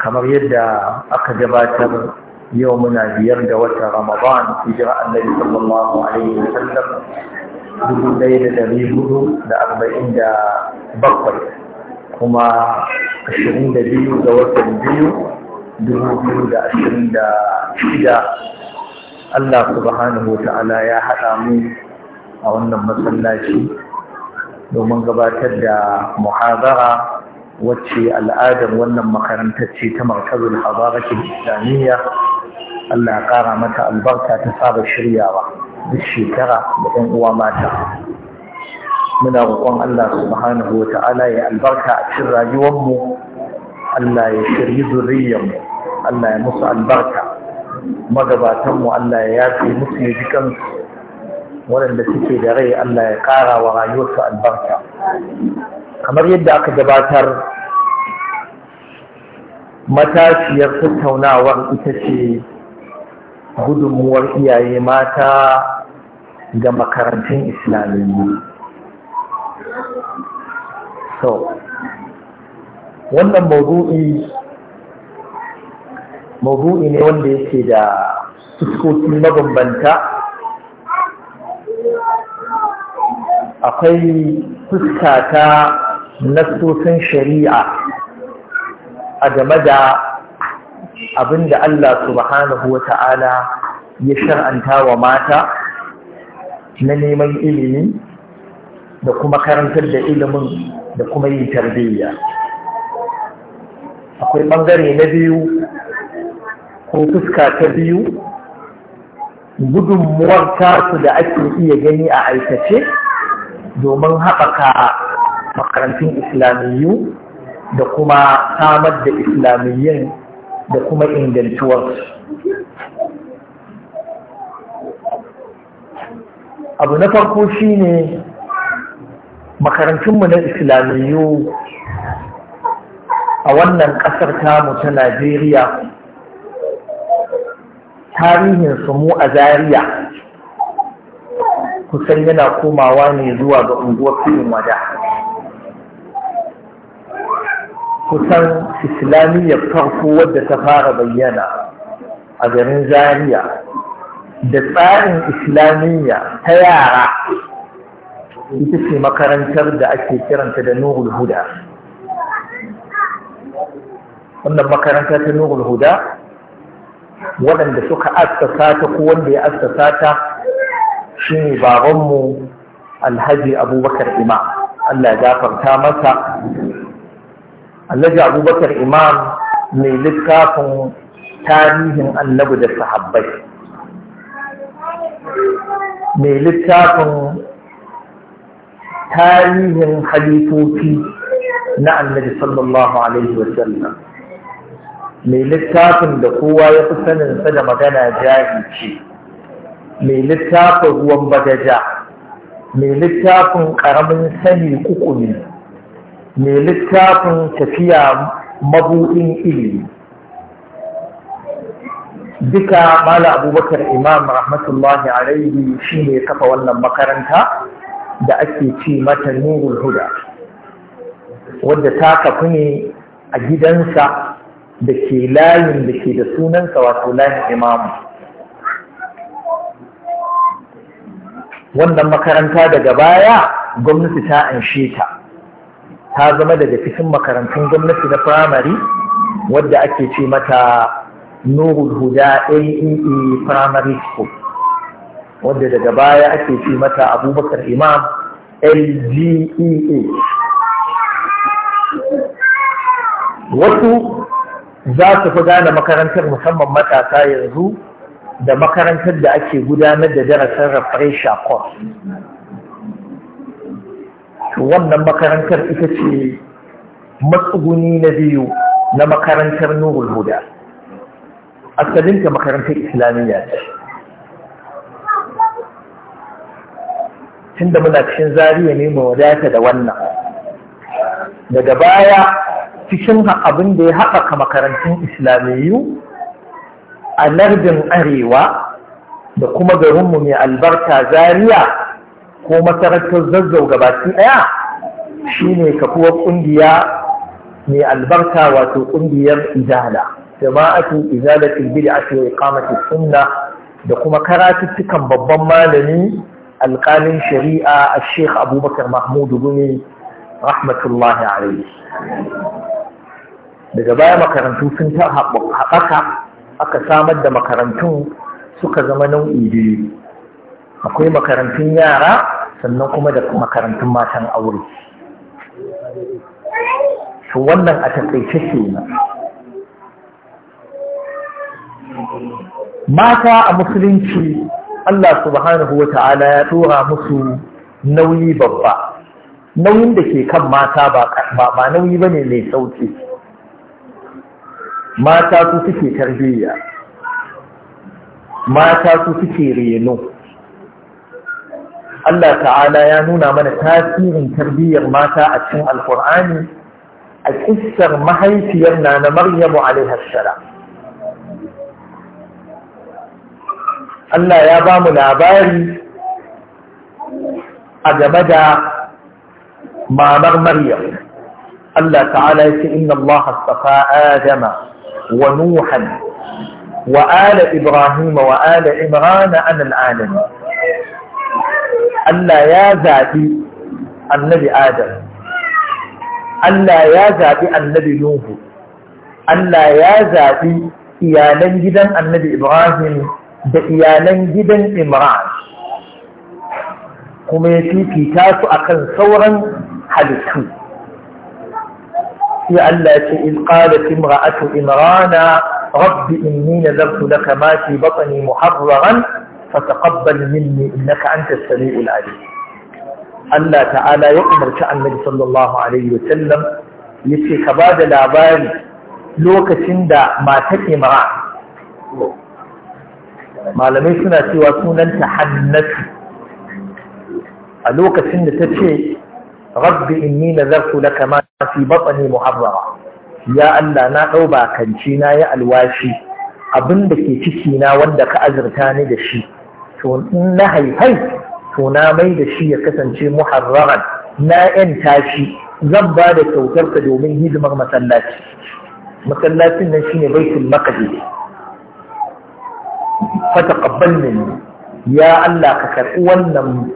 kamar yadda aka gabatar yau muna biyar da wata ramadan hijira annabi sallallahu alaihi wa sallam dubu ɗaya da ɗari hudu da arba'in da bakwai kuma ashirin da biyu ga watan biyu dubu biyu da ashirin da shida Allah subhanahu wa ta'ala ya haɗa mu a wannan masallaci domin gabatar da muhazara wacce al'adar wannan makarantar ce ta markazul habarakin islamiyya Allah ya kara mata albarka ta saba shiryawa duk shekara da ɗan uwa mata muna roƙon Allah subhanahu wa ta'ala ya albarka a cikin rayuwarmu Allah ya shirye zuriyarmu Allah ya musu albarka magabatanmu Allah ya yafe musu ya ji kansu waɗanda suke da rai Allah ya ƙara wa rayuwarsu albarka kamar yadda aka gabatar matashiyar tattaunawar ita ce gudunmuwar iyaye mata ga makarantun islamiyyu so wannan maudu'i maudu'i ne wanda yake da fuskokin mabambanta akwai fuska ta nassosin shari'a a game da abin da Allah subhanahu wa ta'ala ya shar'anta wa mata na neman ilimi da kuma karantar da ilimin da kuma yin tarbiyya akwai ɓangare na biyu ko fuska ta biyu gudunmuwar tasu da ake iya gani a aikace domin haɓaka makarantun islamiyyu da kuma samar da islamiyyun da kuma ingantuwarsu abu na farko shine makarantunmu na islamiyyu a wannan ƙasar tamu ta najeriya tarihin su mu a zariya kusan yana komawa ne zuwa ga unguwar filin wada kusan islamiyyar farko wadda ta fara bayyana a garin Zariya da tsarin islamiyya ta yara ita ce makarantar da ake kiranta da nurul huda wannan makaranta ta nurul huda waɗanda suka assasa ta ko wanda ya assasa ta shine babanmu alhaji abubakar imam Allah ya gafarta masa alhaji abubakar imam mai littafin tarihin annabi da sahabbai mai littafin tarihin halifofi na annabi sallallahu alaihi wasallam mai littafin da kowa ya fi sanin sa da magana jahilci mai littafin ruwan badaja mai littafin ƙaramin sani kukumi mai littafin tafiya mabuɗin ilimi duka mala abubakar imam rahmatullahi alaihi shi ne kafa wannan makaranta da ake ce mata nurul huda wadda ta kafu ne a gidansa da ke layin da ke da sunansa wato layin imamu wannan makaranta daga baya gwamnati ta anshe ta ta zama daga cikin makarantun gwamnati na firamare wadda ake ce mata nurul huda aee e primary school wadda daga baya ake ce mata abubakar imam lgea wasu za su fi gane makarantar musamman matasa yanzu da makarantar da ake gudanar da darasin refresher course wannan makarantar ita ce matsuguni na biyu na makarantar nurul huda asalinta makarantar islamiyya ce tunda muna cikin zariya ne mu wadata da wannan daga baya cikin abin da ya haɓaka makarantun islamiyyu a lardin arewa da kuma garinmu mai albarka Zariya ko masarautar zazzau gabaki ɗaya shine kafuwar ƙungiya mai albarka wato ƙungiyar izala jama'atu izalatul bid'ati wa iqamatis sunna da kuma karatuttukan babban malami alƙalin shari'a a sheikh abubakar mahmudu gumi rahmatullahi alaihi daga baya makarantu sun ta haɓaka aka samar da makarantun suka zama nau'i biyu akwai makarantun yara sannan kuma da makarantun matan aure to wannan a taƙaice kenan mata a musulunci Allah subhanahu wa ta'ala ya tura musu nauyi babba nauyin da ke kan mata ba nauyi ba ne mai sauki mata su suke tarbiyya mata su suke reno Allah ta'ala ya nuna mana tasirin tarbiyyar mata a cikin alkur'ani a kissar mahaifiyar nana na alaiha salam Allah ya ba mu labari a game da mamar maryam Allah ta'ala ya ce inna Allah astafa adama ونوحا وآل إبراهيم وآل إمران عن العالم ألا يا ذاتي النبي آدم ألا يا ذاتي النبي نوح ألا يا ذاتي يا جدا النبي إبراهيم بإيالا جدا إمران كما يتيكي تاسو أقل ثورا حلسكي في ألا إذ قالت امرأة إمرانا رب إني نذرت لك ما في بطني محررا فتقبل مني إنك أنت السميع العليم ألا تعالى يؤمر كأن صلى الله عليه وسلم يتي كباد العبال لوك سند ما تكي مرأة ما لم يسنى سوى سنة حنة لوك سند تكي rabbi inni nazartu laka ma fi batni muharrara ya Allah na dau bakanci na ya alwashi abinda ke ciki na wanda ka azurta ni da shi to in na haifai to na mai da shi ya kasance muharraran na yan tashi zan ba da kyautar ka domin hidimar masallaci masallacin nan shine baitul maqdis fa taqabbalni ya Allah ka karɓi wannan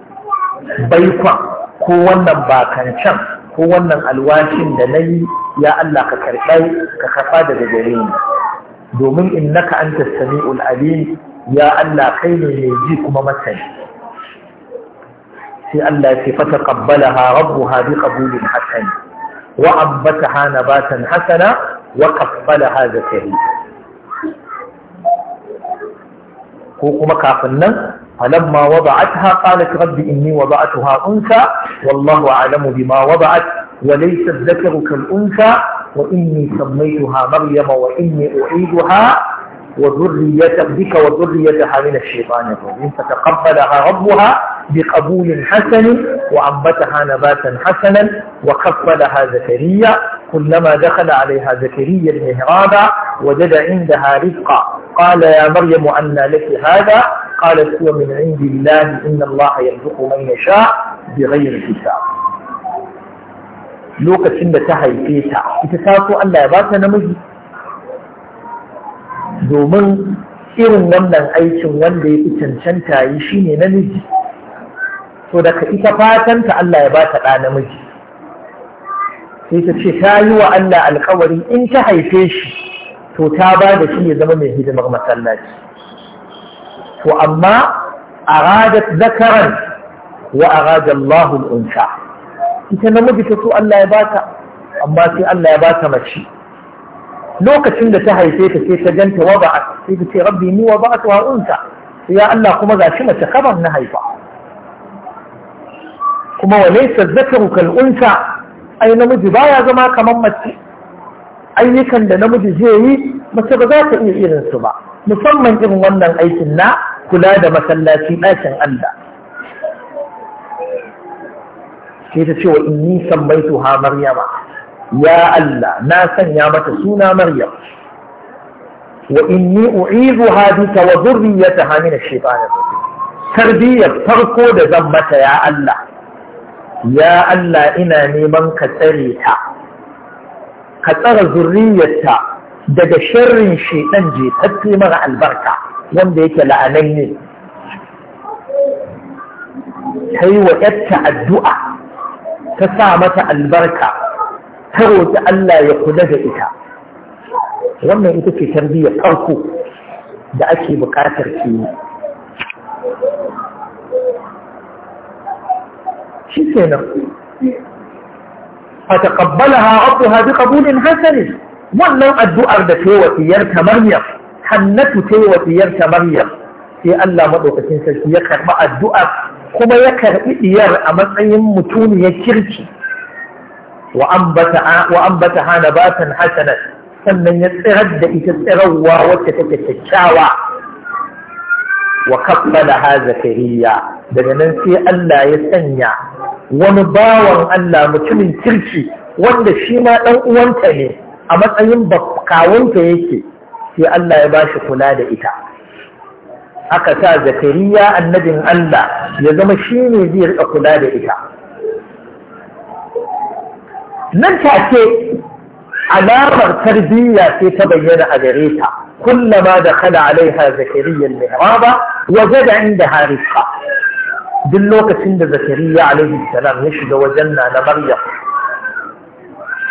baikon ko wannan bakancan ko wannan alwashin da na yi ya Allah ka karɓai ka kafa daga gare ni domin innaka anta sami'ul alim ya Allah kai ne mai ji kuma masani sai Allah ya ce fa rabu rabbuha bi qabulin hasan wa batan Hassana, hasana wa qabbalaha zakariya كوكما كافنا فلما وضعتها قالت رب إني وضعتها أنثى والله أعلم بما وضعت وليس الذكر كالأنثى وإني سميتها مريم وإني أعيدها وذريتها بك وذريتها من الشيطان الرجيم فتقبلها ربها بقبول حسن وأنبتها نباتا حسنا وكفلها زكريا كلما دخل عليها زكريا المهراب وجد عندها رزقا قال يا مريم أن لك هذا قالت هو من عند الله إن الله يرزق من يشاء بغير حساب لوكسين دا تحيكيتا اتساسو أن لا يباسا نمجي دومن إرن لمن أيشن وندي إتنشن تعيشيني نمجي سودك إتفاتا أن لا يباسا نمجي سيتشي ثايو أن لا الخوري إن تحيكيشي to ta ba da shi ya zama mai hidimar masallaci to amma aradat zakaran wa arada Allahu al-unsa ita namiji ta so Allah ya bata amma sai Allah ya bata mace lokacin da ta haife ta sai ta ganta wa ba sai ta ce rabbi ni wa ba'atu wa unsa ya Allah kuma shi mace kabar na haifa kuma wa laysa zakaru kal unsa ai namiji baya zama kamar mace ayyukan da namiji zai yi mace ba za ta iya irin su ba musamman irin wannan aikin na kula da masallaci ɗakin Allah sai ta ce wa inni sammaitu ha maryama ya Allah na sanya mata suna maryam wa inni u'izuha bika wa dhurriyyataha min ash-shaytanir rajim tarbiyyar farko da zan mata ya Allah ya Allah ina neman ka tsare ta ka tsara zurriyarta daga sharrin ɗan je mara albarka wanda yake la'ananne ta yi wa ‘yarta addu'a ta sa mata albarka ta roƙi Allah ya kula da ita wannan ita ce tarbiyyar farko da ake buƙatar ke yi shi kenan فتقبلها ربها بقبول حسن wannan addu'ar da ta yi wasiyarta Maryam Hannatu ta yi Maryam sai Allah madaukakin sarki ya karɓi addu'ar kuma ya karɓi diyar a matsayin mutuniyar kirki wa ambata hana batan hasanat sannan ya tsirar da ita tsirarwa wacce take kyakkyawa wa kaffalaha zakariya daga nan sai Allah ya sanya wani bawan Allah mutumin kirki wanda shi ma ɗan uwanta ne a matsayin kawunta yake sai Allah ya bashi kula da ita aka sa zakariya annabin Allah ya zama shi ne zai rika kula da ita nan take alamar tarbiyya sai ta bayyana a gare ta كلما دخل عليها زكريا المحراب وجد عندها رزقا دلوك سند زكريا عليه السلام يشد وجنة لمريم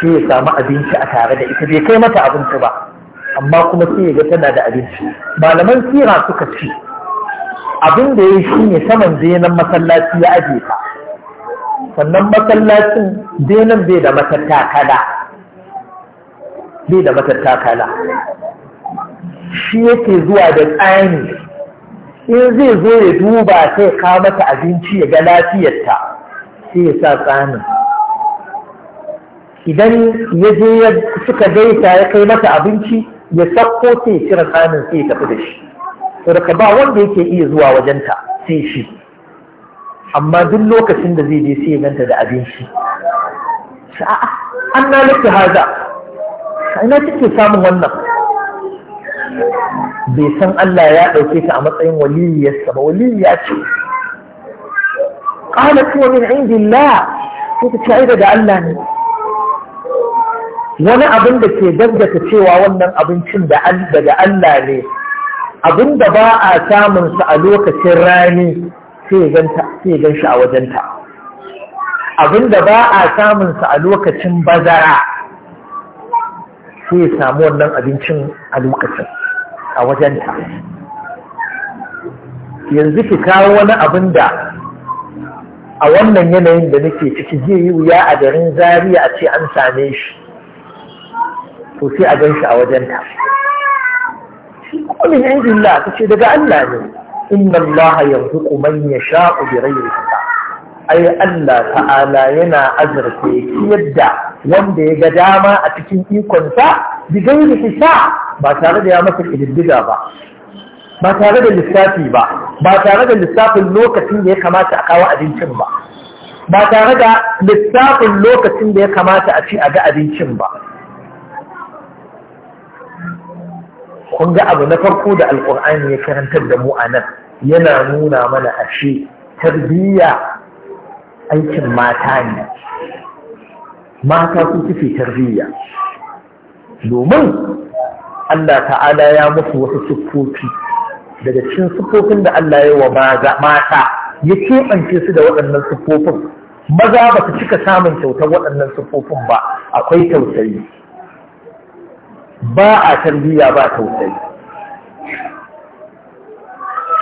sai ya samu abinci a tare da ita bai kai mata abinci ba amma kuma sai ya ga tana da abinci malaman sira suka ci. abin da ya shi ne saman zenan masallaci ya aje ta sannan masallacin zenan bai da matattakala shi yake zuwa da tsani in zai zo ya duba sai ka mata abinci ya ga lafiyarta sai ya sa tsanin idan ya je ya suka gaita ya kai mata abinci ya sakko sai ya cire tsanin sai ya tafi da shi saboda ba wanda yake iya zuwa wajenta sai shi amma duk lokacin da zai je sai ya ganta da abinci a'a an na haza ina take samun wannan bai san Allah ya ɗauke ta a matsayin waliyyarsa ba waliyya ce قالت هو min عند ko sai ta ce daga Allah ne wani abin da ke gaggata cewa wannan abincin daga Allah ne abin da ba a samun sa a lokacin rani sai gan shi a wajenta abin da ba a samun sa a lokacin bazara sai samu wannan abincin a lokacin a wajenta yanzu ki kawo wani abin da a wannan yanayin da nake ciki zai yi wuya a garin zariya a ce an same shi to sai a gan shi a wajenta kuma min indillah ta ce daga Allah ne inna Allah yarzuqu ya sha'u bi ghayri ai Allah ta'ala yana azurta yadda wanda ya ga dama a cikin ikonsa bi ki sa! ba tare da ya masa ƙididdiga ba ba tare da lissafi ba ba tare da lissafin lokacin da ya kamata a kawo abincin ba ba tare da lissafin lokacin da ya kamata a ci a ga abincin ba kun ga abu na farko da alƙur'ani ya karantar da mu a nan yana nuna mana ashe tarbiyya aikin mata ne mata su suke tarbiyya domin Allah ta'ala ya musu wasu siffofi daga cikin siffofin da Allah ya wa mata ya keɓance su da waɗannan siffofin maza ba su cika samun kyautar waɗannan siffofin ba akwai tausayi ba a tarbiyya ba tausayi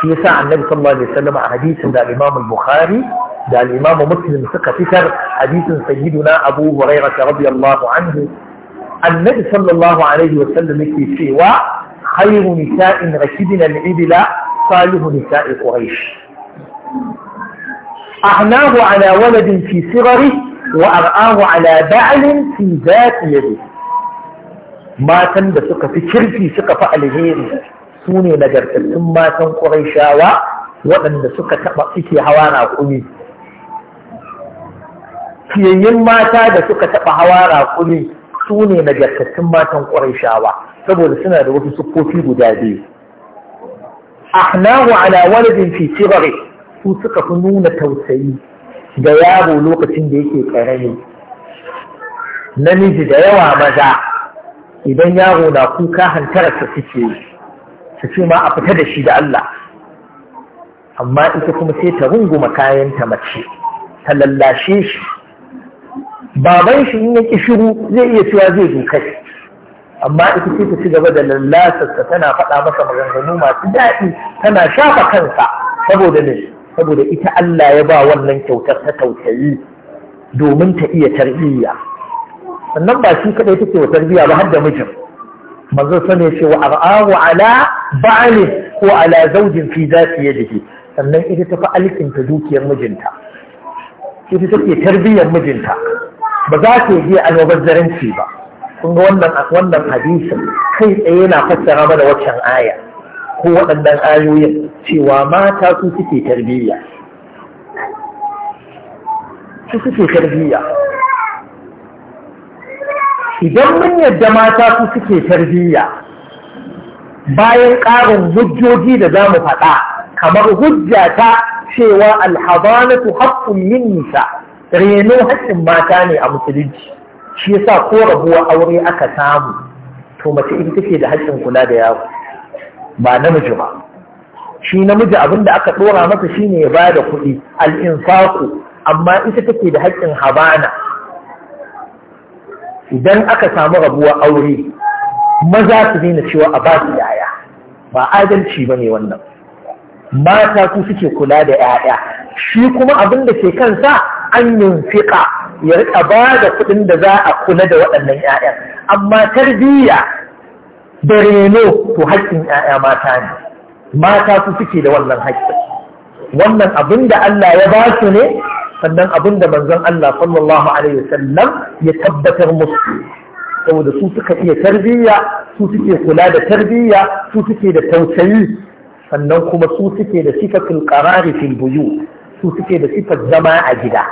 shi yasa annabi sallallahu alaihi wasallam a hadisin da Imam al-Bukhari da Imam Muslim suka fitar hadisin sayyiduna Abu Hurairah radiyallahu anhu النبي صلى الله عليه وسلم في سوى خير نساء ركبنا العبلة صالح نساء قريش أعناه على ولد في صغره وأرآه على بعل في ذات يده ما كان بسك في شركي سك فعلهين سوني نجر ثم كان قريشا و وأن سك تبقى هوانا قولي في ينما تاد سك تبقى هوانا قلي su ne nagartattun matan ƙwarai shawa, saboda suna da wasu siffofi guda biyu ahnahu ala waladin fi su suka fi nuna tausayi da yaro lokacin da yake karami namiji da yawa maza idan yaro na kuka hantararsa suke su ce ma a fita da shi da Allah amma ita kuma sai ta runguma kayanta mace ta lallashe shi baban shi in ya shiru zai iya cewa zai zo kai amma ita ce ta ci gaba da lallasarsa tana faɗa masa maganganu masu daɗi tana shafa kansa saboda ne saboda ita Allah ya ba wannan kyautar ta tausayi domin ta iya tarbiyya sannan ba shi kadai take wa tarbiyya ba har da mijin manzo sane ce wa ar'ahu ala ba'ali ko ala zaujin fi zati yadihi sannan ita ta fa alkinta dukiyar mijinta ita take tarbiyyar mijinta ba za ta yi almubazzaranci ba kun ga wannan wannan hadisin kai tsaye yana fassara mana waccan aya ko waɗannan ayoyin cewa mata su suke tarbiyya su suke tarbiyya idan mun yadda mata su suke tarbiyya bayan ƙarin hujjoji da za mu faɗa kamar hujja ta cewa alhabanatu haƙƙun min nisa reno haƙƙin mata ne a musulunci shi yasa ko rabuwa aure aka samu to mace ita take da haƙƙin kula da yaro ba namiji ba shi namiji abin da aka ɗora masa shine ya ba da kuɗi al'insaku amma ita take da haƙƙin habana idan aka samu rabuwa aure maza su daina cewa a ba su yaya ba adalci ba ne wannan mata su suke kula da 'ya'ya shi kuma abin da ke kansa an yunfiƙa ya riƙa ba da kuɗin da za a kula da waɗannan 'ya'yan amma tarbiyya da reno to haƙƙin 'ya'ya mata ne mata su suke da wannan haƙƙin wannan abin da Allah ya ba su ne sannan abin da manzon Allah sallallahu alaihi wasallam ya tabbatar musu saboda su suka iya tarbiyya su suke kula da tarbiyya su suke da tausayi sannan kuma su suke da sifatul qarari fil buyu su suke da sifar zama a gida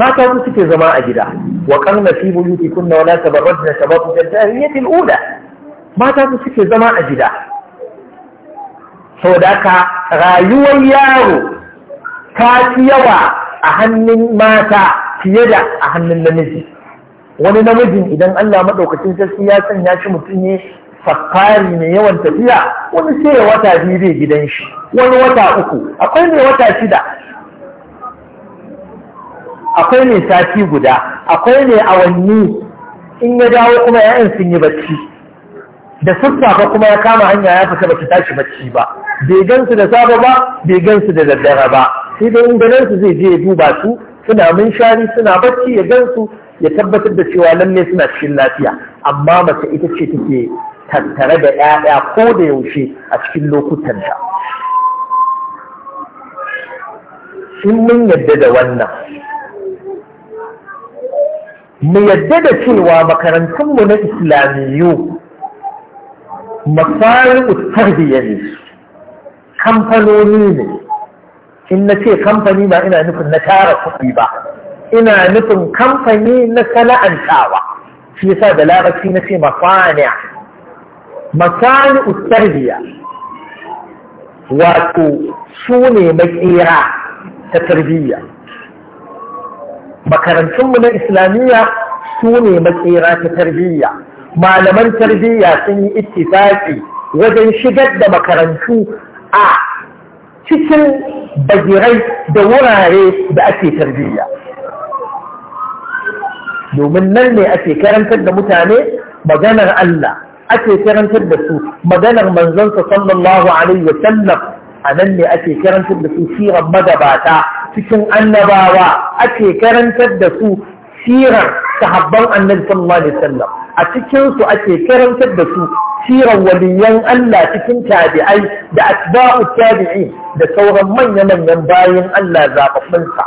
mata su suke zama a gida wa qarna fi buyutikunna wala tabarrajna tabatu jahiliyyati al-ula mata su suke zama a gida saboda haka rayuwar yaro ta fi yawa a hannun mata fiye da a hannun namiji wani namijin idan Allah maɗaukacin sarki ya sanya shi mutum ne Faffari mai yawan tafiya wani sai wata biyu zai gidan shi wani wata uku akwai mai wata shida akwai mai sati guda akwai mai awanni in ya dawo kuma ya'yan sun yi bacci da sassafe kuma ya kama hanya ya fita ta tashi bacci ba bai gansu da safe ba bai gansu da daddare ba sai dai in ganin zai je ya duba su suna munshari suna bacci ya gansu ya tabbatar da cewa lalle suna cikin lafiya amma mace ita ce take tattare da ‘ya'ya ko da yaushe a cikin lokutanta. In mun yadda da wannan, mu yadda da cewa makarantunmu na Islamiyyu mafarin tarbiyya ne, kamfanoni ne, in na ce kamfani ba ina nufin na tara kuɗi ba, ina nufin kamfani na sana'antawa, shi yasa da larabci na ce mafaniya. makani utarbiya wato su ne makera ta tarbiyya makarantunmu na islamiyya su ne makera ta tarbiyya malaman tarbiyya sun yi ittifaki wajen shigar da makarantu a cikin bagirai da wurare da ake tarbiyya domin nan ne ake karantar da mutane maganar Allah ake karantar da su maganar manzansa sallallahu alaihi wa sallam a nan ne ake karantar da su sirar magabata cikin annabawa ake karantar da su sirar sahabban annabi sallallahu alaihi wa sallam a cikin su ake karantar da su siran waliyan Allah cikin tabi'ai da asba'u tabi'i da sauran manya-manyan bayan Allah zaɓaɓɓunsa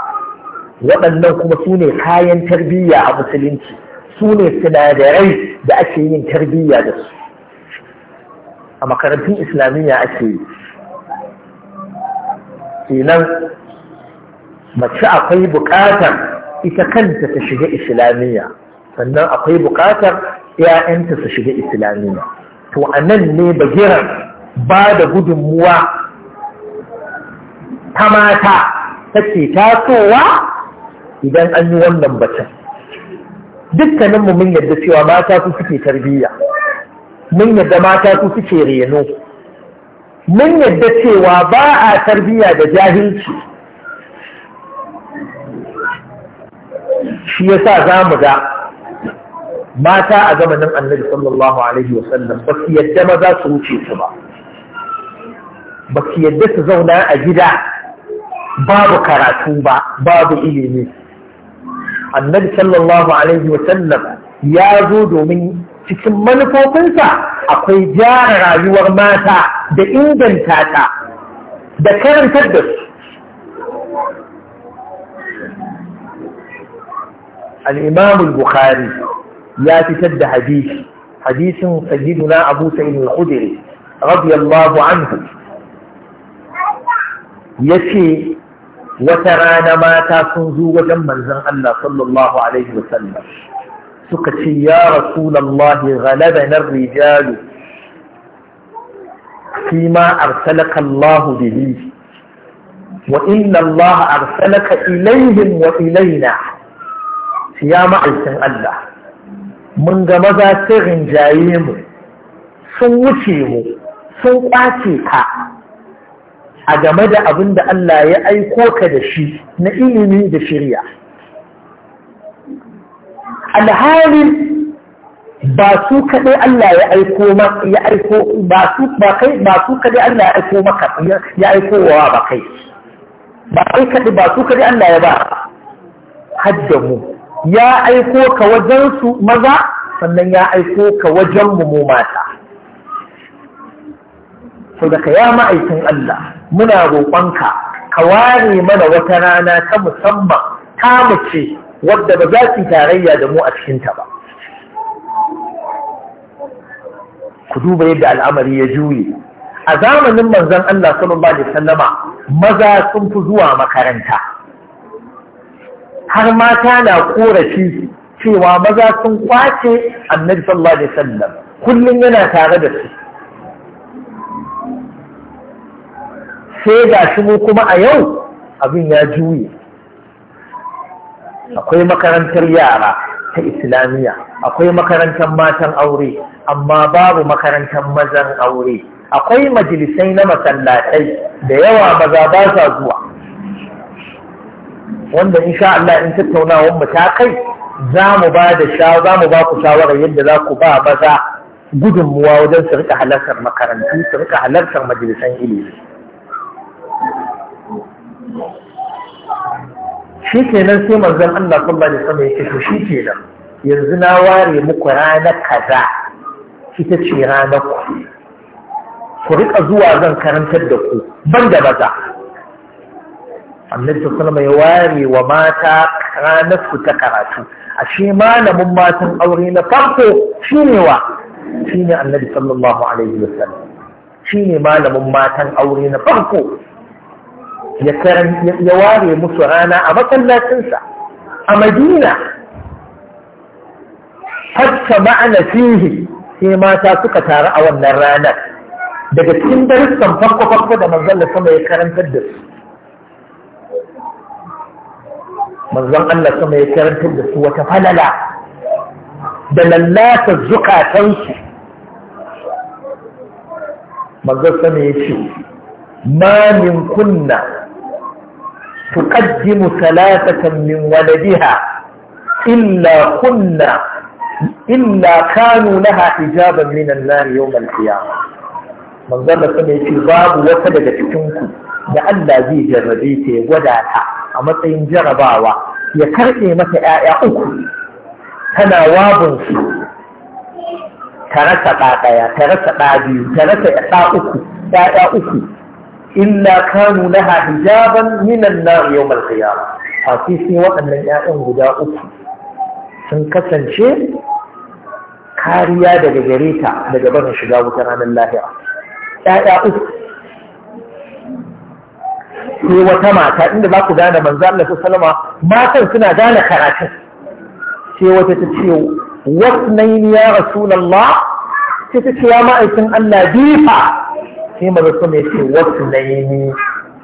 waɗannan kuma su ne kayan tarbiyya a musulunci su ne sinadarai da ake yin tarbiyya da su a makarantun islamiyya ake yi kenan mace akwai bukatar ita kanta ta shiga islamiyya sannan akwai bukatar 'ya'yanta su shiga islamiyya to a nan ne bagiran ba da gudunmuwa ta mata take tasowa idan an yi wannan batun dukkanin mu mun yarda cewa mata su suke tarbiyya mun yarda mata su suke reno mun yarda cewa ba a tarbiyya da jahilci shi yasa za mu ga mata a zamanin annabi sallallahu alaihi wasallam ba su yadda maza su wuce su ba ba su yadda su zauna a gida babu karatu ba babu ilimi annabi sallallahu alaihi wa sallam ya zo domin cikin manufofinsa akwai gyara rayuwar mata da inganta ta da karantar da su الإمام البخاري ياتي تد حديث حديث سيدنا أبو سعيد الخدري رضي الله عنه يتي wata rana mata sun zo wajen manzan Allah sallallahu Alaihi wasallam suka ce ya rasulallahi ghalabanar rijalu Kima ma arsalaka Allahu bihi wa inna Allah arsalaka ilaihim wa ilaina ya ma'aikin Allah mun ga maza sirrin jaye mu sun wuce mu sun ƙwace ka a game da abin da Allah ya aiko ka da shi na ilimi da shirya alhalin ba su kaɗai Allah ya aiko ya ba kai ba su kaɗai Allah ya aiko maka ya aiko wa ba kai ba kai kaɗai ba su kaɗai Allah ya ba haddamu ya aiko ka wajen su maza sannan ya aiko ka wajen mu mu mata sau daga ya ma'aikin Allah muna roƙonka ka ware mana wata rana ta musamman ta mace wadda ba za su tarayya da mu a cikinta ba ku duba yadda al'amari ya juye a zamanin manzon Allah sallallahu alaihi wasallama maza sun fi zuwa makaranta har mata na korafi cewa maza sun kwace annabi sallallahu alaihi wasallam kullum yana tare da su sai ga shi mu kuma a yau abin ya juye akwai makarantar yara ta islamiyya akwai makarantar matan aure amma babu makarantar mazan aure akwai majalisai na masallatai da yawa maza ba sa zuwa wanda insha Allah in tattaunawar mu ta kai za mu ba da sha za mu ba ku shawara yadda za ku ba maza gudunmuwa wajen su rika halartar makarantu su rika halartar majalisan ilimi shi nan sai manzon Allah sallallahu da sama ya ce to ke nan yanzu na ware muku rana kaza ita ce ranar ku ku rika zuwa zan karantar da ku ban da maza annabi sallallahu ya ware wa mata ranar su ta karatu ashe malamin matan aure na farko shine wa shine annabi sallallahu alaihi wasallam shine malamin matan aure na farko ya ware musu rana a masallacinsa a madina hatta ma'ana fihi sai mata suka taru a wannan ranar daga cikin darussan farko-farko da manzon sama ya karantar da su manzon Allah sama ya karantar da su wata falala da lallata zukatansu manzon sama ya ce ma min kunna تقدم ثلاثة من ولدها إلا كنا إلا كانوا لها حجابا من النار يوم القيامة من ظل سمع باب وسبب تكنكم لأن ذي جربيته ودعتها أما تين جرباوا يكرئي متى أعيقكم تناوابنسوا ترسى قاقيا ترسى قاديو ترسى إحساء أكو إلا كانوا لها حجابا من النار يوم القيامة حقيقي وأن الآن هدى أكي سنكسا شيء كاريا دقى جريتا دقى بنا شجابك عن الله آية أكي في وتماتا إن باكو دانا من ذا الله صلى الله ما تنسنا دانا كراتا في وتتشيو واثنين يا رسول الله تتشيو ما إثن أن ديفا sai maza su ne ce wasu na yi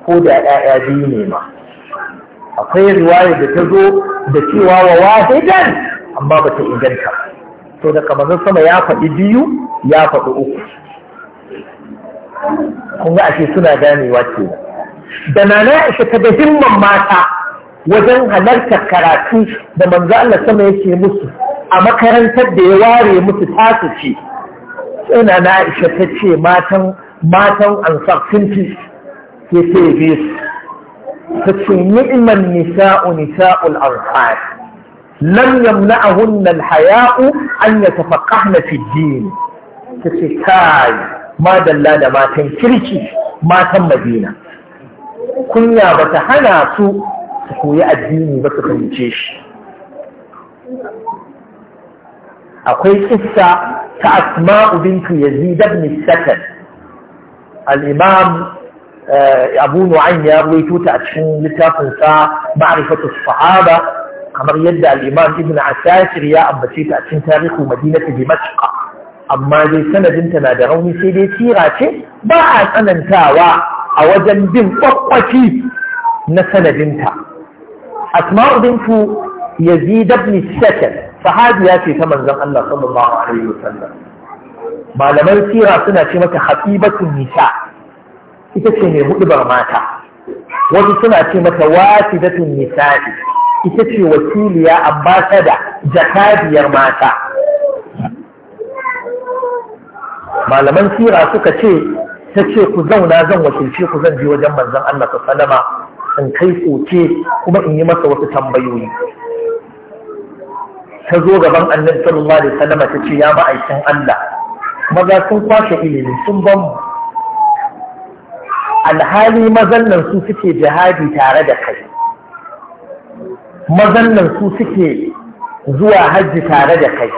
ko da ‘ya'ya biyu ne ma akwai riwaya da ta zo da cewa wa wahidan amma ba ta inganta to da kamar sama ya faɗi biyu ya faɗi uku kun ga ake suna ganewa ke da na na isa ta da himman mata wajen halartar karatu da manzo Allah sama yake musu a makarantar da ya ware musu tasu ce sai na isa ta ce matan matan ansar sun fi ya ce bi ta ce ni'man nisa'u nisa'ul ansar lam yamna'ahunna al-haya'u an yatafaqahna fi din ta ce kai madalla da matan kirki matan madina kunya bata hana su su koyi addini ba su fahimce shi akwai kissa ta asma'u bintu yazid ibn sakan الإمام آه، أبو نعيم يروي توتا أتشن لتافنسا معرفة الصحابة كما يدى الإمام ابن عساكر يا أبا سيتا أتشين تاريخ مدينة دمشق أما ذي سنة انت دروني سيدي سيراتي بعد أن انتاوى أوجن بن طبتي نسنة انت أسماء بنت يزيد بن السكن فهذه ياتي ثمن الله صلى الله عليه وسلم malaman sira suna ce mata habibatun nisa ita ce mai hudubar mata wasu suna ce mata wasidatun nisa'i ita ce wakiliya da jakadiyar mata malaman sira suka ce ta ce ku zauna zan wakilce ku zan je wajen manzon Allah sallama in kai tsoke kuma in yi masa wasu tambayoyi ta zo gaban annabi sallallahu alaihi wasallam ta ce ya ma'aikin Allah maza sun kwashe ilimi sun ban mu alhali mazan nan su suke jihadi tare da kai mazan nan su suke zuwa hajji tare da kai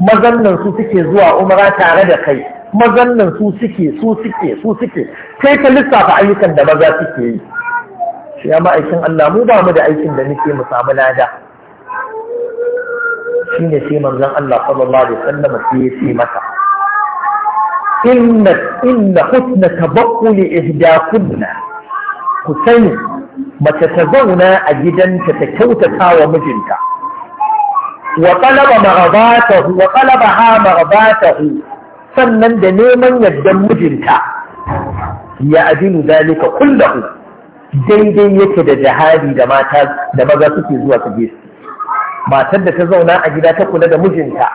mazan nan su suke zuwa umra tare da kai mazan nan su suke su suke su suke kai ka lissafa ayyukan da maza suke yi shi ya ma'aikin Allah mu ba mu da aikin da muke mu samu lada shine sai manzon Allah sallallahu alaihi wasallam sai ya ce masa inna husna tabaqquli ihdakunna ku sani mace ta zauna a gidanta ta kyautata wa mijinta wa qalaba maghadatahu wa sannan da neman yaddan mijinta ya ajinu zalika kullahu daidai yake da jahadi da mata da maza suke zuwa su je matar da ta zauna a gida ta kula da mijinta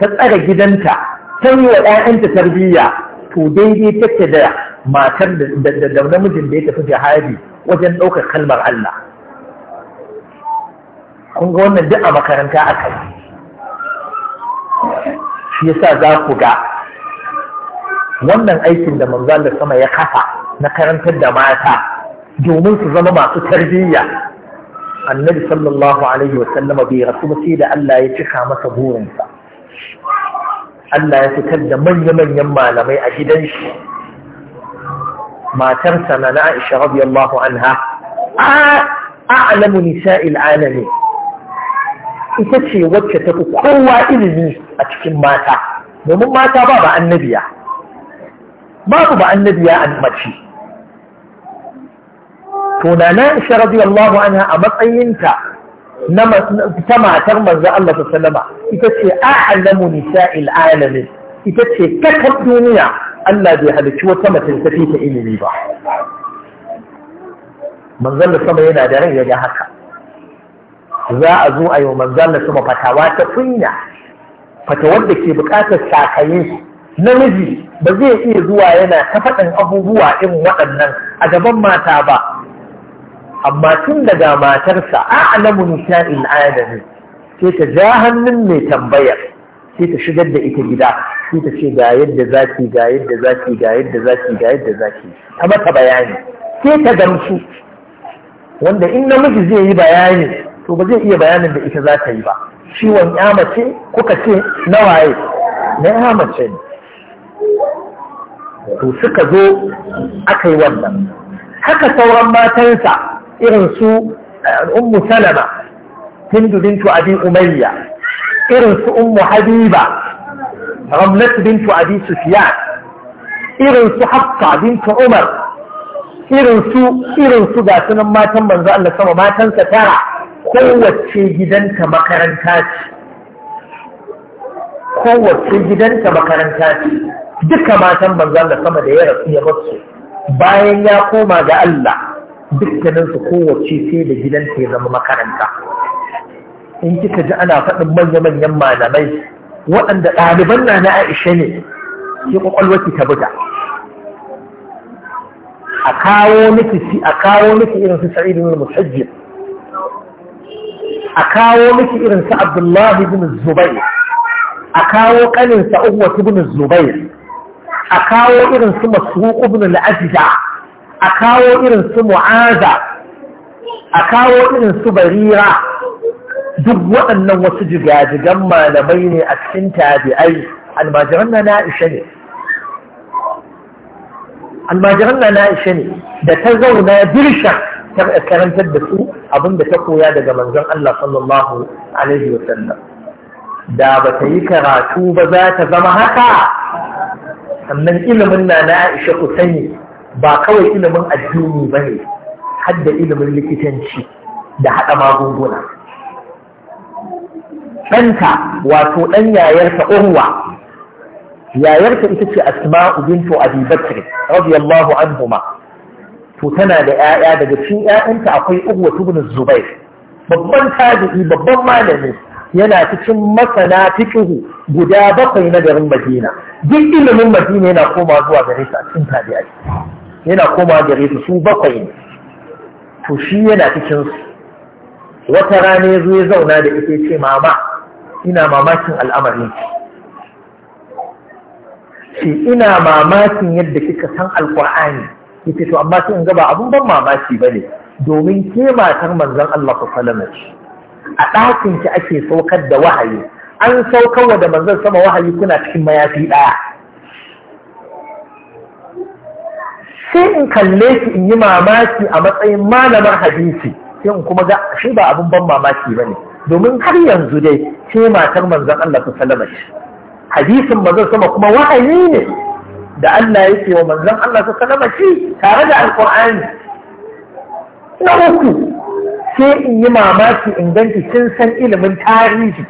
ta tsara gidanta ta yi wa ‘ya'yanta tarbiyya to daidai take da matar da namijin da ya tafi jihadi wajen ɗaukar kalmar Allah. Kun ga wannan duk a makaranta aka yi. Shi yasa za ku ga wannan aikin da manzan da sama ya kafa na karantar da mata domin su zama masu tarbiyya. Annabi sallallahu Alaihi wasallama bai rasu sai da Allah ya cika masa burinsa. Allah ya fitar da manya-manyan malamai a gidan shi matarsa na Aisha radiyallahu anha a'lamu nisa'il alamin ita ce wacce ta fi kowa ilimi a cikin mata domin mata ba ba annabiya babu ba annabiya an mace to na Aisha radiyallahu anha a matsayinta ta matar manzo Allah salama. ita ce a'lamu nisa'il alamin ita ce kakar duniya Allah bai halicci wata mace ta fi ta ilimi ba manzon da sama yana da rai ya ga haka za a zo a yi manzon da sama fatawa ta kunya fatawar da ke bukatar sakaye namiji ba zai iya zuwa yana ta faɗin abubuwa irin waɗannan a gaban mata ba amma tun daga matarsa a'lamu nisa'il alamin sai ta ja hannun mai tambaya sai ta shigar da ita gida sai ta ce ga yadda zaki ga yadda zaki ga yadda zaki ga yadda zaki ta mata bayani sai ta gamsu wanda in namiji zai yi bayani to ba zai iya bayanin da ita za ta yi ba ciwon ya mace kuka ce na waye na ya mace ne to suka zo aka yi wannan haka sauran matansa irin su eh, ummu salama hindu bintu abi umayya irin su ummu habiba ramlat bintu abi sufyan irin su hafsa bintu umar irin su irin su ga sunan matan manzo Allah sama matansa tara kowace gidanta makaranta ce kowace gidanta makaranta ce duka matan manzo Allah sama da ya rasu ya basu bayan ya koma ga Allah su kowace sai da gidanta ya zama makaranta in kika ji ana faɗin manya-manyan malamai waɗanda ɗaliban na na aisha ne ki kwakwalwarki ta buga a kawo miki a kawo miki irin su sa'id musajjib a kawo miki irin su abdullahi bin zubair a kawo kanin sa bin zubair a kawo irin su masruq bin al a kawo irin su mu'aza a kawo irin su barira duk waɗannan wasu jigajigan malamai ne a cikin tabi'ai almajiran na na'isha ne almajiran na na'isha ne da ta zauna dirsha ta karantar da su abinda ta koya daga manzon Allah sallallahu alaihi wasallam da ba ta yi karatu ba za ta zama haka sannan ilimin na na'isha ku sani ba kawai ilimin addini ba ne hadda ilimin likitanci da haɗa magunguna ɗanta wato ɗan yayarta urwa yayarta ita ce asma'u bintu abi bakr radiyallahu anhuma to tana da 'ya'ya daga cikin 'ya'yanta akwai urwa ibn zubair babban tabi'i babban malami yana cikin masana fiqh guda bakwai na garin Madina duk ilimin Madina yana koma zuwa gare shi a cikin tabi'ai yana koma gare su su bakwai ne to shi yana cikin su wata rana ya zo ya zauna da ita ce mama ina mamakin al'amarin ki ina mamakin yadda kika san alƙur'ani kike to amma sai in ga ba abun ban mamaki bane domin ke matar manzon Allah sallallahu alaihi a ɗakin ki ake saukar da wahayi an saukarwa da manzon sama wahayi kuna cikin mayafi ɗaya sai in kalle shi in yi mamaki a matsayin malamar hadisi sai in kuma ga shi ba abin ban mamaki ba ne domin har yanzu dai ce matar manzon Allah ta salama shi hadisin manzon sama kuma wahayi ne da Allah ya yake wa manzan Allah ta salama shi tare da alkur'ani na uku sai in yi mamaki in ganci sun san ilimin tarihi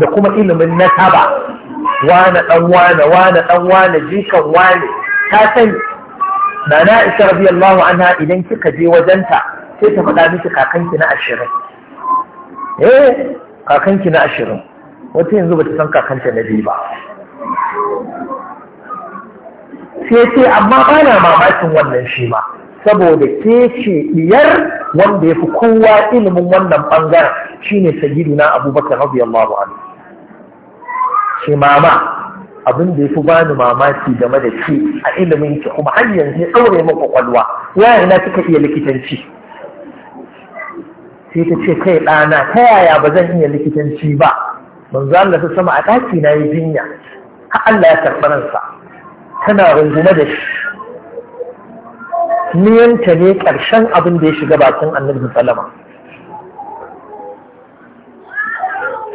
da kuma ilimin nasaba wane dan wane wane dan wane jikan wane ta sani nana Aisha radiyallahu ana idan kika je wajenta sai ta faɗa miki kakanki na ashirin eh kakanki na ashirin wata yanzu bata san kakanta na biyu ba sai ce amma bana mamakin wannan shi ma saboda ke ce diyar wanda ya fi kowa ilimin wannan bangaren shine sayyiduna abubakar radiyallahu anhu shi mama abin da ya fi bani mamaki game da shi a ilimin ki kuma har yanzu ya ɗaure min kwakwalwa yaya na suka iya likitanci sai ta ce kai ɗana ta yaya ba zan iya likitanci ba manzo Allah ta sama a ɗaki na yi jinya har Allah ya karɓi ransa tana rungume da shi niyanta ne ƙarshen abin da ya shiga bakin annabi sallama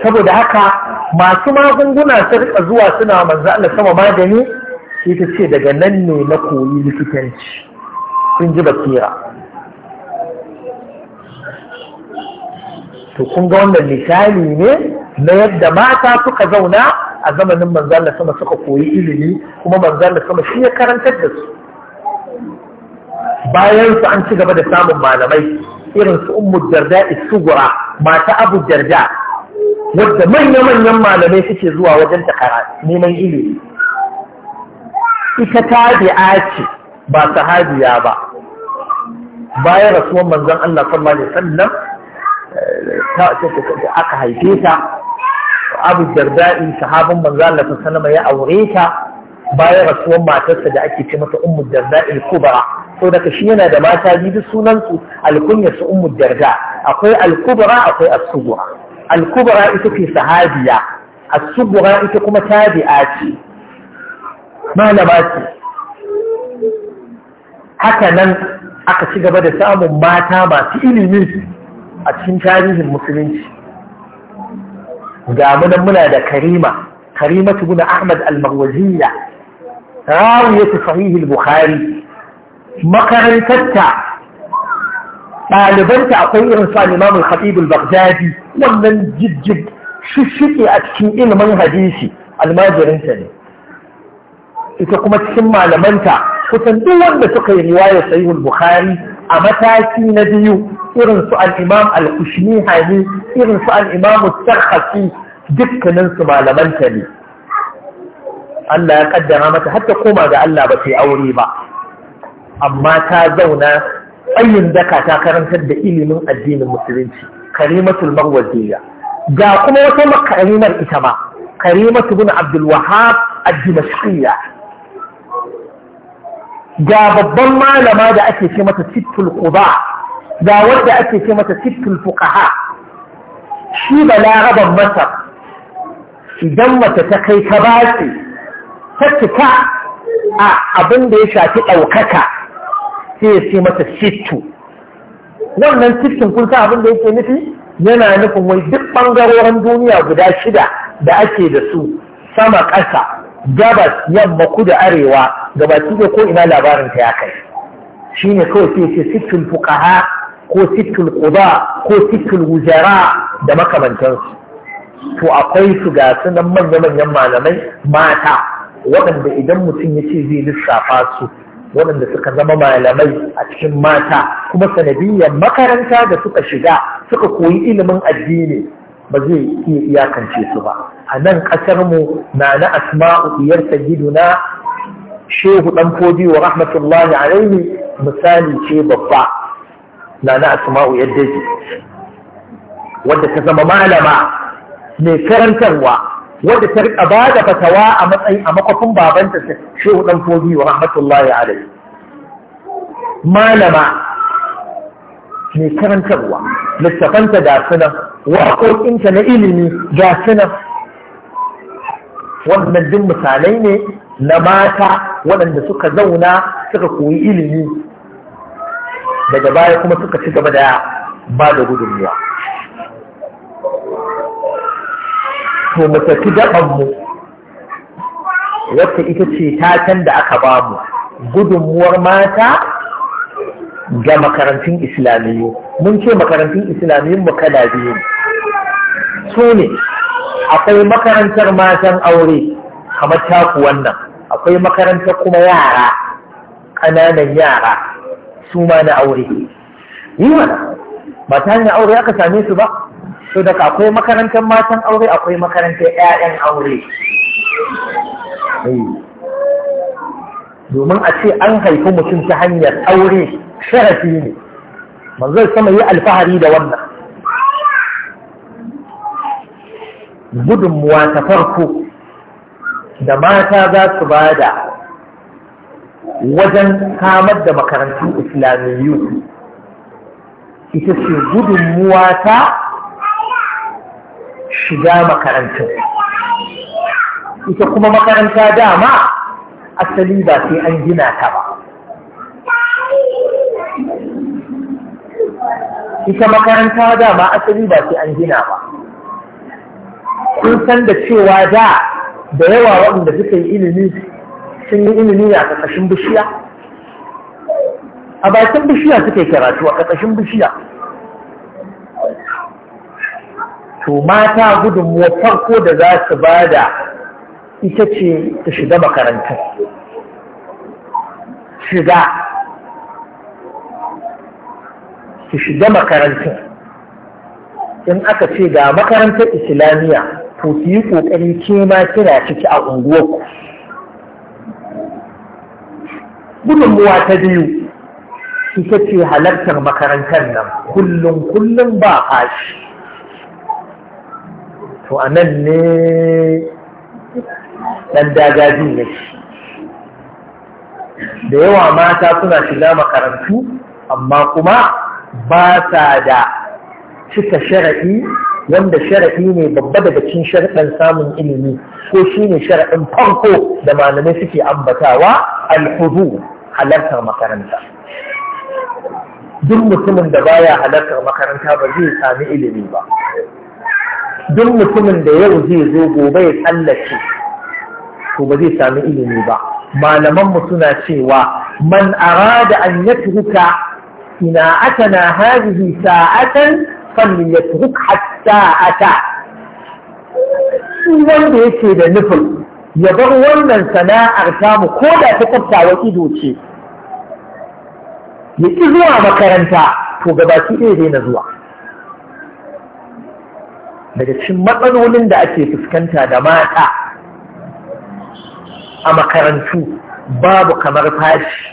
saboda haka masu magunguna ta rika zuwa suna manzo Allah sama magani sai ta ce daga nan ne na koyi likitanci sun ji basira to kun ga wannan misali ne na yadda mata suka zauna a zamanin manzo Allah sama suka koyi ilimi kuma manzo Allah sama shi ya karantar da su bayan su an ci gaba da samun malamai irin su ummu darda isugura mata abu darda wadda manya-manyan malamai suke zuwa wajen ta neman ilimi ita tabi'a ce ba sahabiya ba bayan rasuwan manzan Allah sallallahu alaihi wasallam aka haife ta Abu Darda'i sahabin manzan Allah sallallahu alaihi ya aure ta bayan rasuwan matarsa da ake ce mata Ummu Darda'i Kubra so daga shi yana da mata biyu sunansu su alkunya su Ummu Darda akwai Alkubara akwai as al-kubra ita ce sahabiya as-sughra ita kuma tabi'a ce malama ce haka nan aka ci gaba da samun mata masu ilimi a cikin tarihin musulunci ga munan muna da karima karima tuguna ahmad al-marwaziya rawiyatu sahih al-bukhari makarantarta ɗalibanta akwai irin su al-imam al-khatib al-baghdadi wannan jijjig shishike a cikin ilimin hadisi almajirinta ne ita kuma cikin malamanta kusan duk wanda suka yi niwaye sahihul bukhari a mataki na biyu irin su al-imam al-kushmihani irin su al-imam al dukkanin su malamanta ne Allah ya kaddara mata har ta koma ga Allah ba sai aure ba amma ta zauna tsayin daka ta karantar da ilimin addinin musulunci karimatul marwaziya ga kuma wata makarimar ita ma karimatu bin abdul wahab ad-dimashqiyya ga babban malama da ake ce mata sittul quba ga wanda ake ce mata sittul fuqaha shi raba masar idan mace ta kai ta bace ta cika a abin da ya shafi ɗaukaka sai ya ce mata sittu wannan cikin kulka abin da yake nufi yana nufin wai duk ɓangarorin duniya guda shida da ake da su sama ƙasa gabas yamma kudu arewa ga gabaki da ko ina labarin ta ya kai shine kawai sai ce sittul fuqaha ko sittul quda ko sittul wujara da makamantansu to akwai su ga sunan manya-manyan malamai mata waɗanda idan mutum ya ce zai lissafa su waɗanda suka zama malamai a cikin mata kuma sanadiyyar makaranta da suka shiga suka koyi ilimin addini ba zai iya iyakance su ba a nan ƙasarmu na na asma'u diyar na shehu ɗan fodi wa rahmatullahi alaihi misali ce babba na na asma'u yadda wadda ta zama malama mai karantarwa wadda ta rika ba da fatawa a matsayin a makwafin babanta shehu dan fodi wa rahmatullahi alaihi malama mai karantarwa littafanta da sunan waƙoƙinta na ilimi da sunan wannan duk misalai ne na mata waɗanda suka zauna suka koyi ilimi daga baya kuma suka ci gaba da ba da gudunmuwa to mu tafi mu wacce ita ce taken da aka ba mu gudunmuwar mata ga makarantun islamiyyu mun ce makarantun islamiyyun mu kala biyu su ne akwai makarantar matan aure kamar taku wannan akwai makarantar kuma yara ƙananan yara su ma na aure yi mana ba ta hanyar aure aka same su ba so akwai makarantar matan aure akwai makarantar 'ya'yan aure domin a ce an haifi mutum ta hanyar aure sharafi ne manzon sama yi alfahari da wannan gudunmuwa ta farko da mata za su bada wajen samar da makarantu islamiyyu ita ce gudunmuwa ta shiga makarantar ita kuma makaranta dama asali ba sai an gina ta ba ita makaranta dama asali ba sai an gina ba kun san da cewa da da yawa waɗanda suka yi ilimi sun yi ilimi a ƙasashen bishiya a bakin bishiya suke karatu a ƙasashen bishiya to mata gudunmuwa farko da za su ba da ita ce ta shiga makarantar shiga su shiga makarantar in aka ce ga makarantar islamiyya to su yi ƙoƙari ke ma kira ciki a unguwarku gudunmuwa ta biyu ita ce halartar makarantar nan kullum kullum ba shi to a nan ne ɗan dagaji yake da yawa mata suna shiga makarantu amma kuma ba sa da cika shara'i wanda shara'i ne babba daga cikin sharaɗin samun ilimi ko shi ne sharaɗin farko da malamai suke ambatawa alhudu halartar makaranta duk mutumin da baya halartar makaranta ba zai sami ilimi ba duk mutumin da yau zai zo gobe ya tsallace to ba zai sami ilimi ba malaman mu suna cewa man arada an yatruka ina atana hadhihi sa'atan fal yatruk hatta ata wanda yake da nufin ya bar wannan sana'ar tamu ko da ta tsaftawa ido ce ya ƙi zuwa makaranta to gabaki ɗaya daina zuwa daga cikin matsalolin da ake fuskanta da mata a makarantu babu kamar fashi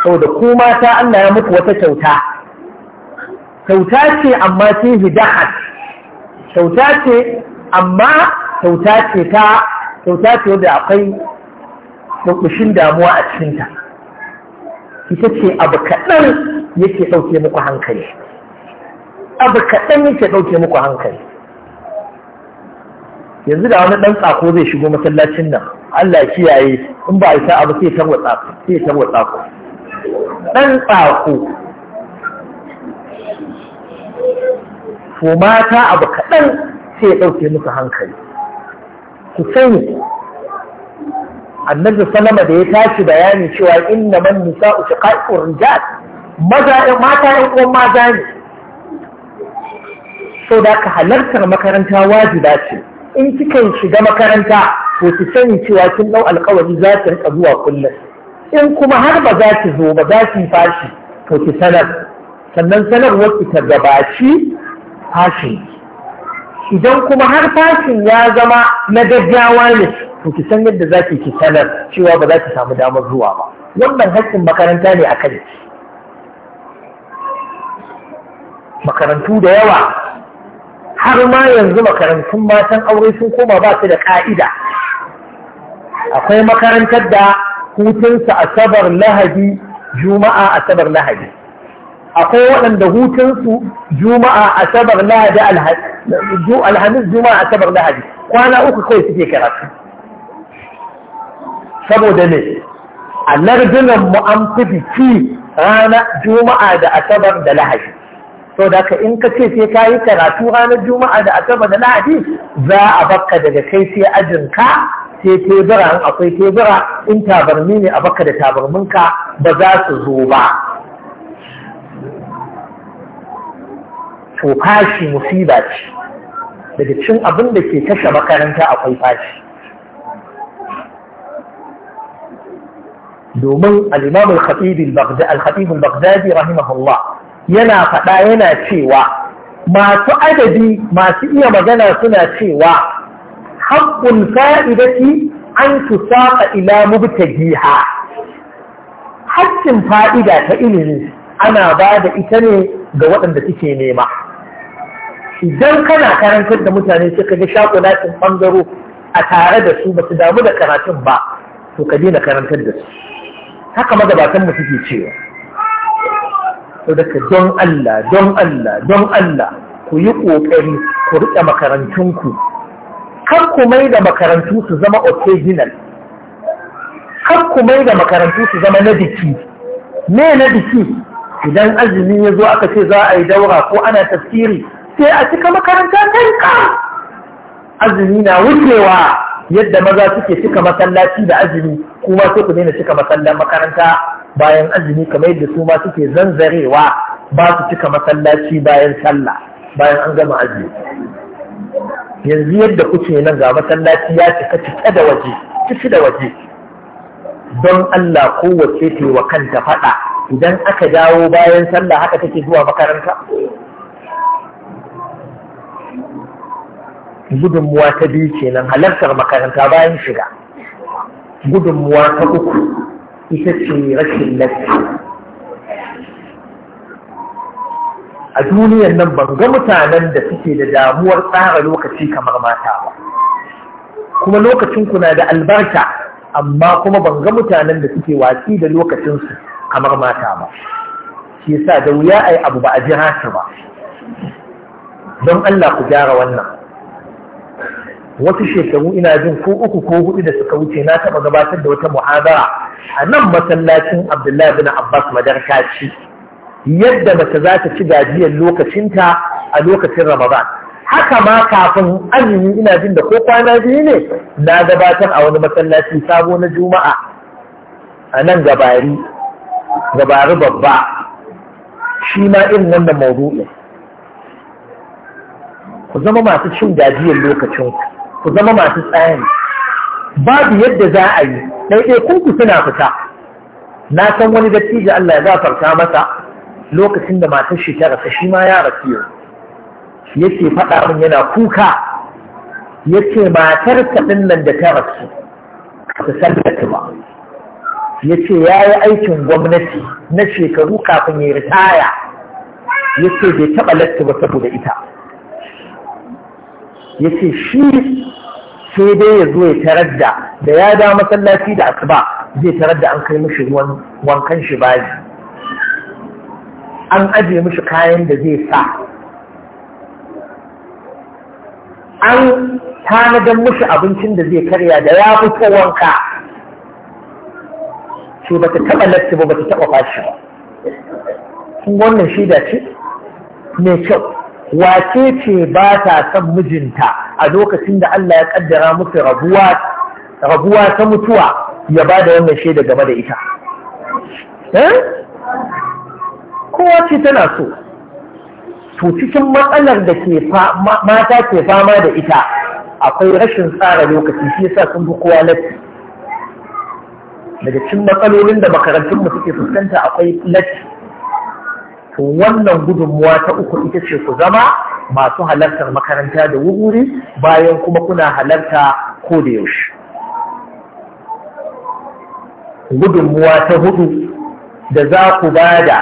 saboda ku mata Allah ya muku wata kyauta kyauta ce amma ce hidahat kyauta ce amma kyauta ce ta kyauta ce da akwai bukushin damuwa a cikinta ita ce abu kaɗan yake ɗauke muku hankali abu kaɗan yake ɗauke muku hankali yanzu da wani ɗan tsako zai shigo masallacin nan Allah ya kiyaye in ba a isa abu sai tsako sai tarwa tsako ɗan tsako to mata abu kaɗan sai ya ɗauke musu hankali ku sani annabi salama da ya tashi bayani cewa inna man nisa'u shiqaqur rijal maza mata ɗan uwan maza ne sau da ka halartar makaranta wajiba ce in kika shiga makaranta to ki sani cewa kin dau alkawari za ki rika zuwa kullum in kuma har ba za ki zo ba za ki fashi to ki sanar sannan sanarwar ki ta gabaci fashin idan kuma har fashin ya zama na gaggawa ne to ki san yadda za ki sanar cewa ba za ki samu damar zuwa ba wannan haƙƙin makaranta ne a kai makarantu da yawa har ma yanzu makarantun matan aure sun koma ba su da ƙa'ida akwai makarantar da hutunsa asabar lahadi juma'a asabar lahadi akwai waɗanda hutunsu juma'a asabar lahadi alhamis juma'a asabar lahadi kwana uku kawai suke karatu saboda ne a lardunan mu an fi biki rana juma'a da asabar da lahadi sau da ka in ka ce sai ka yi karatu ranar juma'a da asabar da lahadi za a bakka daga kai sai ajinka sai tebura in akwai tebura in tabarmi ne a bakka da tabarminka ba za su zo ba to fashi musiba ce daga cin abin da ke kashe makaranta akwai fashi domin al-imam al-khatib al-baghdadi rahimahullah yana faɗa yana cewa masu adadi masu iya magana suna cewa haƙƙun fa'idati an su saƙa ila giha. haƙƙin fa'ida ta ilimi ana ba da ita ne ga waɗanda suke nema idan kana karantar da mutane suka ka ga shakulatin ɓangaro a tare da su ba su damu da karatun ba to ka daina karantar da su haka magabatanmu suke cewa to daga don Allah don Allah don Allah ku yi ƙoƙari ku riƙe makarantunku Kan ku mai da makarantu su zama occasional kar ku mai da makarantu su zama na biki me na biki idan azumi ya zo aka ce za a yi daura ko ana tafsiri sai a cika makaranta tanka azumi na wucewa yadda maza suke cika masallaci da azumi kuma sai ku daina cika masallan makaranta bayan azumi kamar yadda su ma suke zanzarewa ba su cika masallaci bayan sallah bayan an gama azumi yanzu yadda kuke nan ga masallaci ya cika cike da waje cike da waje don Allah kowace ce wa kanta faɗa idan aka dawo bayan sallah haka take zuwa makaranta gudunmuwa ta biyu kenan halartar makaranta bayan shiga gudunmuwa ta uku ita ce rashin lafiya a duniyar nan ban ga mutanen da suke da damuwar tsara lokaci kamar mata ba kuma lokacin na da albarka amma kuma ban ga mutanen da suke watsi da lokacinsu kamar mata ba shi yasa da wuya yi abu ba a jira shi ba don Allah ku gyara wannan wasu shekaru ina jin ko uku ko hudu da suka wuce na taɓa gabatar da wata muhadara a nan masallacin abdullahi bin abbas madarka ce yadda mace za ta ci gajiyar lokacinta a lokacin ramadan haka ma kafin azumi ina jin da ko kwana biyu ne na gabatar a wani masallaci sabo na juma'a a nan gabari gabari babba shi ma irin wannan maudu'in ku zama masu cin gajiyar lokacinku ku zama masu tsayani babu yadda za a yi ɗaiɗai kunku suna fita na san wani dattijo Allah ya gafarta masa lokacin da matar shi ta rasa shi ma ya rasu yau yake faɗa min yana kuka yace matar ta nan da ta rasu ta sallata ba yace ya yi aikin gwamnati na shekaru kafin ya ritaya yace bai taɓa latta ba saboda ita yace shi sai dai ya zo ya tarar da da ya da masallaci da asuba zai tarar da an kai mishi wankan shi baji an ajiye mishi kayan da zai sa an tanadar mishi abincin da zai karya da ya fito wanka ce ba ta taɓa latti ba ba ta taɓa fashi ba wannan shaida ce mai kyau wace ce ba ta son mijinta a lokacin da Allah ya kaddara musu rabuwa ta mutuwa ya ba da wannan shaida game da ita eh? kowa ce tana so to cikin matsalar da ke mata ke fama da ita akwai rashin tsara lokaci shi yasa sun fi kowa latti daga cin matsalolin da makarantunmu suke fuskanta akwai latti to wannan gudunmuwa ta uku ita ce ku zama masu halartar makaranta da wuri bayan kuma kuna halarta ko da yaushe gudunmuwa ta hudu da za ku ba da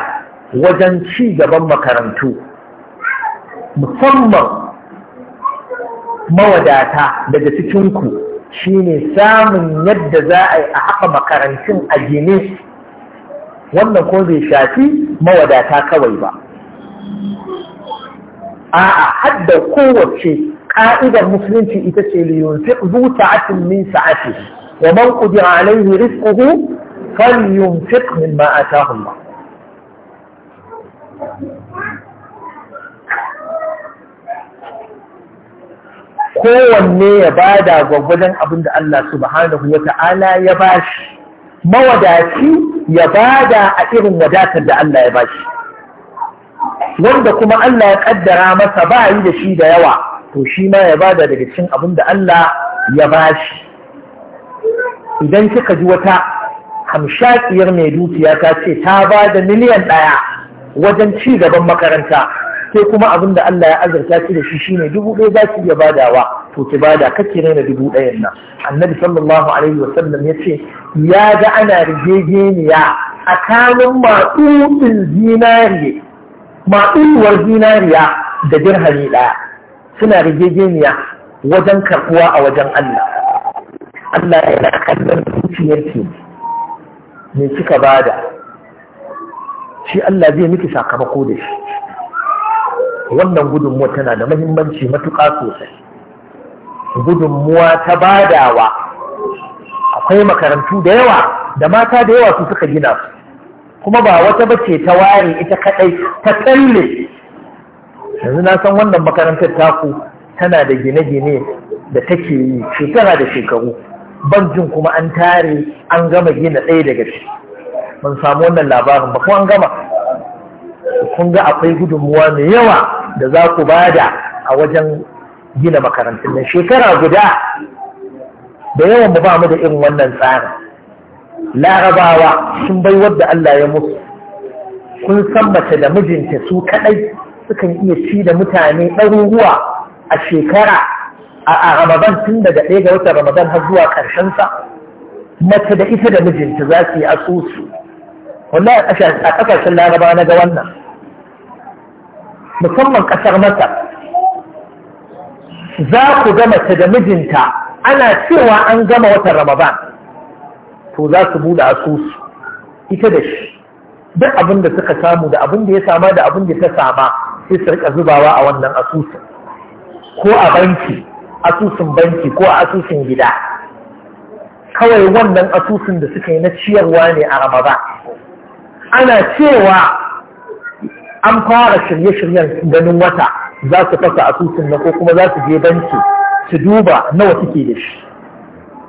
wajen ci gaban makarantu musamman mawadata daga cikinku shi ne samun yadda za a yi a haɓa makarantun a gine wannan ko bai shafi mawadata kawai ba a'a hadda kowace ƙa'idar musulunci ita ce liyunfiq zuta sa'atin min ake, wa man qudira alayhi rizquhu falyunfiq mimma ataahu ba. kowanne ya bada gwagwajen abin da Allah subhanahu wa ta'ala ya bashi mawadaci ya bada a irin wadatar da Allah ya bashi wanda kuma Allah ya kaddara masa ba yi da shi da yawa to shi ma ya bada daga cin abin da Allah ya bashi idan kika ji wata hamshakiyar mai dukiya ta ce ta ba da miliyan ɗaya wajen ci gaban makaranta sai kuma abin da Allah ya azarta ki da shi shine dubu ɗaya za ki iya badawa to ki bada kake raina dubu ɗayan nan annabi sallallahu alaihi wa sallam ya ce ya ga ana rigegeniya a kanin matsutsin zinariya. matsuwar zinariya da dirhami ɗaya suna rigegeniya wajen karɓuwa a wajen Allah Allah ya kallon zuciyarki me kika bada shi Allah zai miki sakamako da shi wannan gudunmuwa tana da mahimmanci matuƙa sosai gudunmuwa ta badawa akwai makarantu da yawa da mata da yawa su suka gina su kuma ba wata bace ta ware ita kaɗai ta tsalle yanzu na san wannan makarantar taku tana da gine-gine da take yi shekara da shekaru ban jin kuma an tare an gama gina ɗaya daga ciki ban samu wannan labarin ba ko an gama kun ga akwai gudunmuwa mai yawa da za ku bada a wajen gina makarantun nan shekara guda da yawan mu ba mu da irin wannan tsarin larabawa sun bai wadda Allah ya musu kun san mace da mijinta su kadai sukan iya ci da mutane ɗaruruwa a shekara a ramadan tun daga ɗaya ga watan ramadan har zuwa sa. mace da ita da mijinta za su yi asusu wallahi a ƙasashen laraba na ga wannan musamman ƙasar masar za ku gama ta da mijinta ana cewa an gama watan ramadan to za su buɗe asusu ita da shi duk abin da suka samu da abin da ya sama da abin da ta sama sai su rika zubawa a wannan asusun ko a banki asusun banki ko a asusun gida kawai wannan asusun da suka yi na ciyarwa ne a ramadan ana cewa an fara shirye-shiryen ganin wata za su fasa asusun na ko kuma za su je banki su duba nawa suke da shi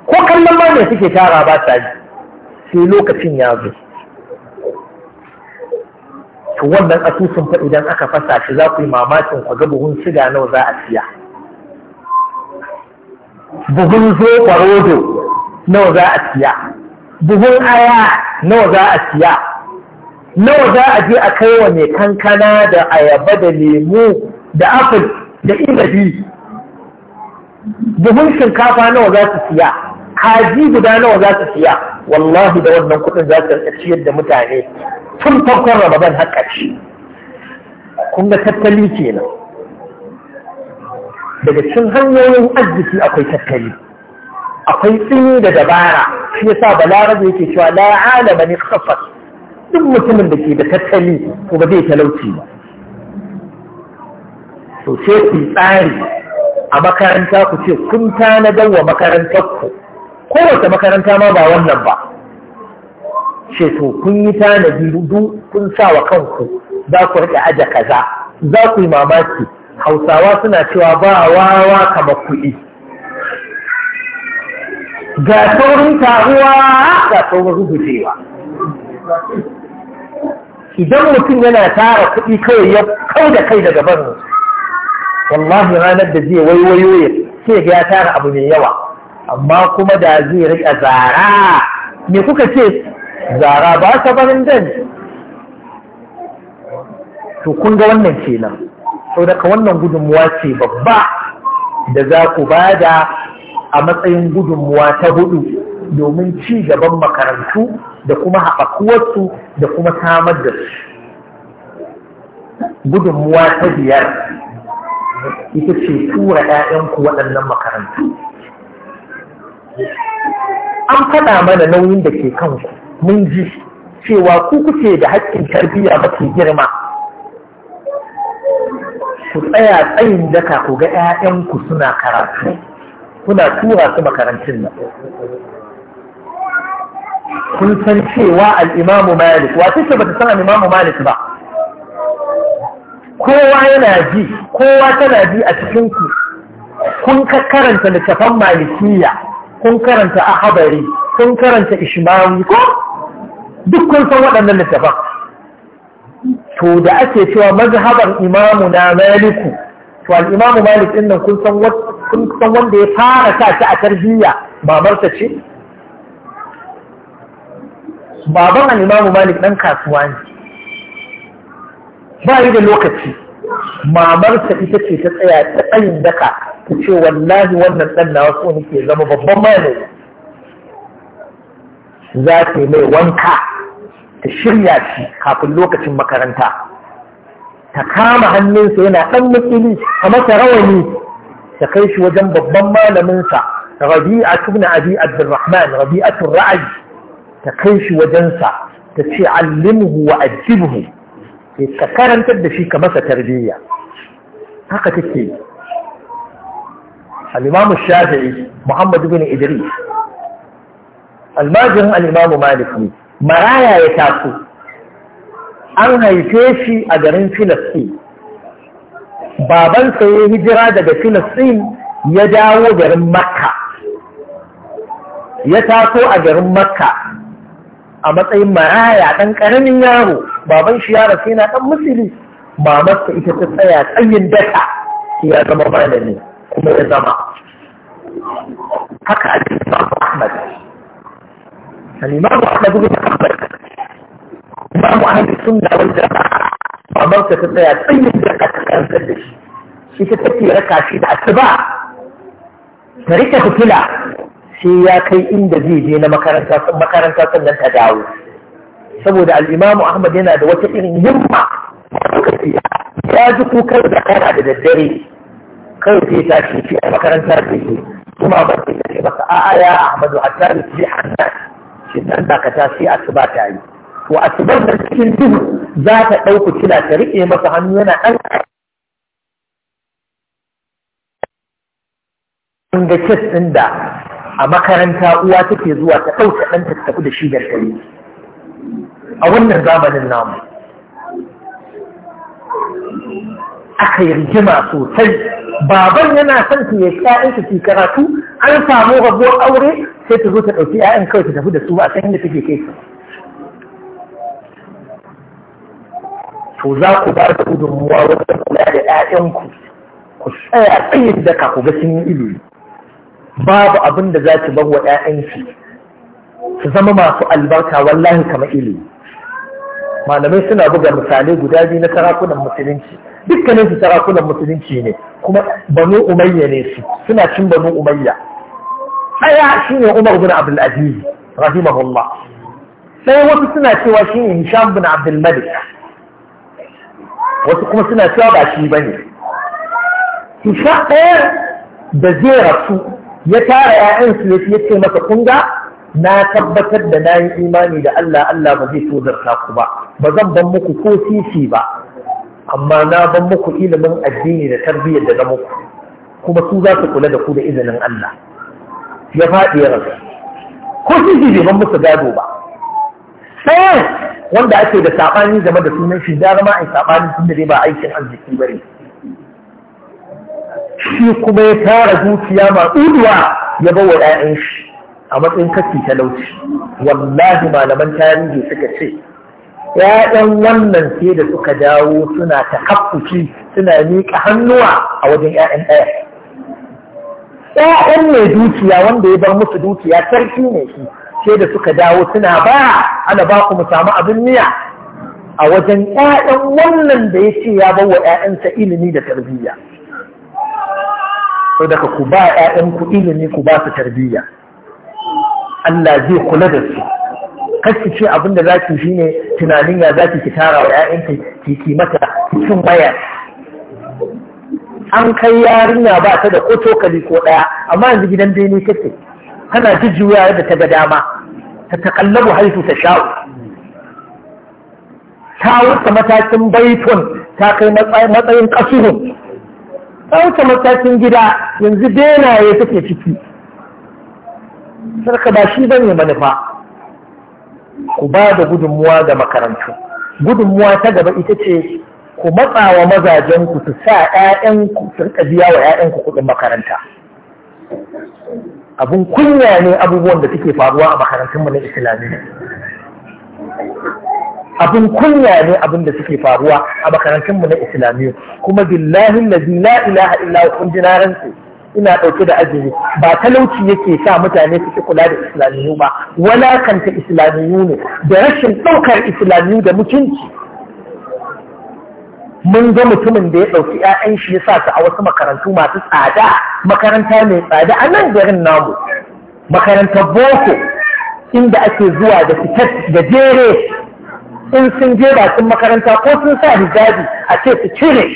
ko kallon ma ne suke tara ba ta yi sai lokacin ya zo to wannan asusun fa idan aka fasa shi za ku yi mamakin ku ga buhun shiga nawa za a siya buhun zo rodo nawa za a siya buhun aya nawa za a siya nawa za a je a kai wa mai kankana da ayaba da lemu da apple da inabi buhun shinkafa nawa za su siya kaji guda nawa za su siya wallahi da wannan kudin za su ciyar da mutane tun farkon ramadan har ƙarshe kun ga tattali kenan daga cikin hanyoyin arziki akwai tattali akwai tsini da dabara shi yasa balarabe yake cewa la alama ne khafas duk mutumin da ke da tattali ko ba zai talauci ba to sai ku tsari a makaranta ku ce kun tanadar wa makarantar ku kowace makaranta ma ba wannan ba ce to kun yi tanadi dudu kun sa wa kanku za ku rike aja kaza za ku yi mamaki hausawa suna cewa ba wawa kamar kuɗi ga saurin taruwa ga saurin rubutewa idan mutum yana tara kuɗi kawai ya kau da kai daga barin wallahi ranar da zai waiwayo ya ce ga ya tara abu mai yawa amma kuma da zai riƙa zara me kuka ce zara ba ta barin dan to kun ga wannan kenan sau daga wannan gudunmuwa ce babba da za ku ba da a matsayin gudunmuwa ta hudu domin ci gaban makarantu da kuma haɓakuwarsu da kuma samar da su gudunmuwa ta biyar ita ce tura 'ya'yanku waɗannan makarantu an faɗa mana nauyin da ke kanku mun ji cewa ku kuke da haƙƙin tarbiyya mafi girma ku tsaya tsayin daka ku ga 'ya'yanku suna karatu kuna tura su makarantun nan kun san cewa al'imamu malik wata ce ba ta san al'imamu malik ba kowa yana ji kowa tana ji a cikinku kun ka karanta littafan malikiya kun karanta ahabari kun karanta ishmawi ko duk kun san waɗannan littafan to da ake cewa mazhabar imamu na maliku to al'imamu malik ɗin nan kun san wanda ya fara sa ta a tarbiyya babarta ce baban al'imamu malik ɗan kasuwa ne ba yi da lokaci mamarsa ita ce ta tsaya ta tsayin daka ta ce wallahi wannan ɗan na wasu ne ke zama babban malami za ta yi mai wanka ta shirya shi kafin lokacin makaranta ta kama hannunsa yana ɗan matsili a masa rawani ta kai shi wajen babban malaminsa rabi'a tuna abi abdurrahman rabi'atul ra'ayi ta kai shi wajensa ta ce allimhu wa ajibhu ka karantar da shi ka masa tarbiyya haka take al-imam shafi'i Muhammadu bin idris almajirin al-imam malik ne maraya ya taso an haife shi a garin filistin babansa ya hijira daga filistin ya dawo garin makka ya taso a garin makka a matsayin maraya ɗan ƙaramin yaro baban shi ya rasu, na ɗan musuli mamarsa ita ta tsaya tsayin daka ya zama malami kuma ya zama haka ake samu Ahmad al-Imam Ahmad ibn Ahmad Imam Ahmad sunna wal jama'a mamarsa ta tsaya tsayin daka ta karanta da shi ita fi raka shi da asuba ta rike fitila sai ya kai inda zai je na makaranta makaranta sannan ta dawo saboda al'imamu ahmad yana da wata irin himma siya. ya ji kukar da kana da daddare kai sai ta ce shi a makaranta da yi kuma ba ta ce masa a'a ya ahmadu a su rufe hannan shi nan da ka ta su ba ta yi to asubar da cikin duhu za ta ɗauku kila ta riƙe masa hannu yana ɗan ga kes da a makaranta uwa take zuwa ta ɗauka ɗanta ta tafi da shi da a wannan zamanin namu aka yi rigima sosai baban yana son ta yi ƴaƴansa su karatu an samu rabuwar aure sai ta zo ta ɗauki ƴaƴan kawai ta tafi da su a san yadda take kai to za ku ba da gudunmuwa wajen kula da yayanku ku tsaya tsayin daka ku ga sun yi ilimi babu abin da za ki bar wa 'ya'yanki su zama masu albarka wallahi kamar ilimi malamai suna buga misalai guda biyu na sarakunan musulunci dukkanin su sarakunan musulunci ne kuma banu umayya ne su suna cin banu umayya ɗaya shine umar bin abdul aziz rahimahullah sai wasu suna cewa shine hisham bin abdul wasu kuma suna cewa ba shi bane hisham ɗaya da zai rasu ya tara 'ya'yan su ya ce masa kunga na tabbatar da na yi imani da Allah Allah ba zai tozarta ku ba ba zan ban muku ko sisi ba amma na ban muku ilimin addini da tarbiyyar da na muku kuma su za su kula da ku da izinin Allah ya faɗi ya rasu ko sisi bai ban musu gado ba ɗayan wanda ake da saɓani game da sunan shi da ma a saɓani tun da dai ba aikin arziki ba ne shi kuma ya tara dukiya ma ya bawa 'ya'yan shi a matsayin kashi talauci wallahi malaman tarihi suka ce ‘ya'yan wannan sai da suka dawo suna ta haƙuki suna miƙa hannuwa a wajen ‘ya'yan ɗaya. ‘ya'yan mai dukiya wanda ya bar musu dukiya sarki ne shi sai da suka dawo suna ba ana ba ku mu samu abin miya a wajen ‘ya'yan wannan da ya ce ya bawa ‘ya'yansa ilimi da tarbiyya. sau daga ku ba ‘ya'yanku ilimi ku ba su tarbiyya Allah zai kula da su kasu ce abin da za ki shi ne tunanin ya za ki ki tara wa ‘ya'yanki ki ki mata cikin an kai yarinya ba ta da ko cokali ko ɗaya amma yanzu gidan bene take tana jujjuya da ta ga dama ta takallabu haifu ta sha'u ta wuce matakin baitun ta kai matsayin kasuhun ɗauka matakin gida yanzu benaye suke ciki sarka ba shi zan yi manufa ku ba da gudunmuwa ga makarantu gudunmuwa ta gaba ita ce ku matsa wa mazajenku su sa 'ya'yanku su rika biya wa 'ya'yanku kuɗin makaranta abun kunya ne abubuwan da suke faruwa a makarantunmu na islamiyya abin kunya ne abin da suke faruwa a makarantun mu na islamiyu. kuma billahi allazi la ilaha illa hu kun dinaran ina dauke da azumi ba talauci yake sa mutane suke kula da islamiyu ba wala kanta islamiyyu ne da rashin ɗaukar islamiyu da mutunci mun ga mutumin da ya ɗauki 'ya'yan shi yasa su a wasu makarantu masu tsada makaranta mai tsada a nan garin namu makarantar boko inda ake zuwa da fitar da jere in sun je bakin makaranta ko sun sa hijabi a ce su cire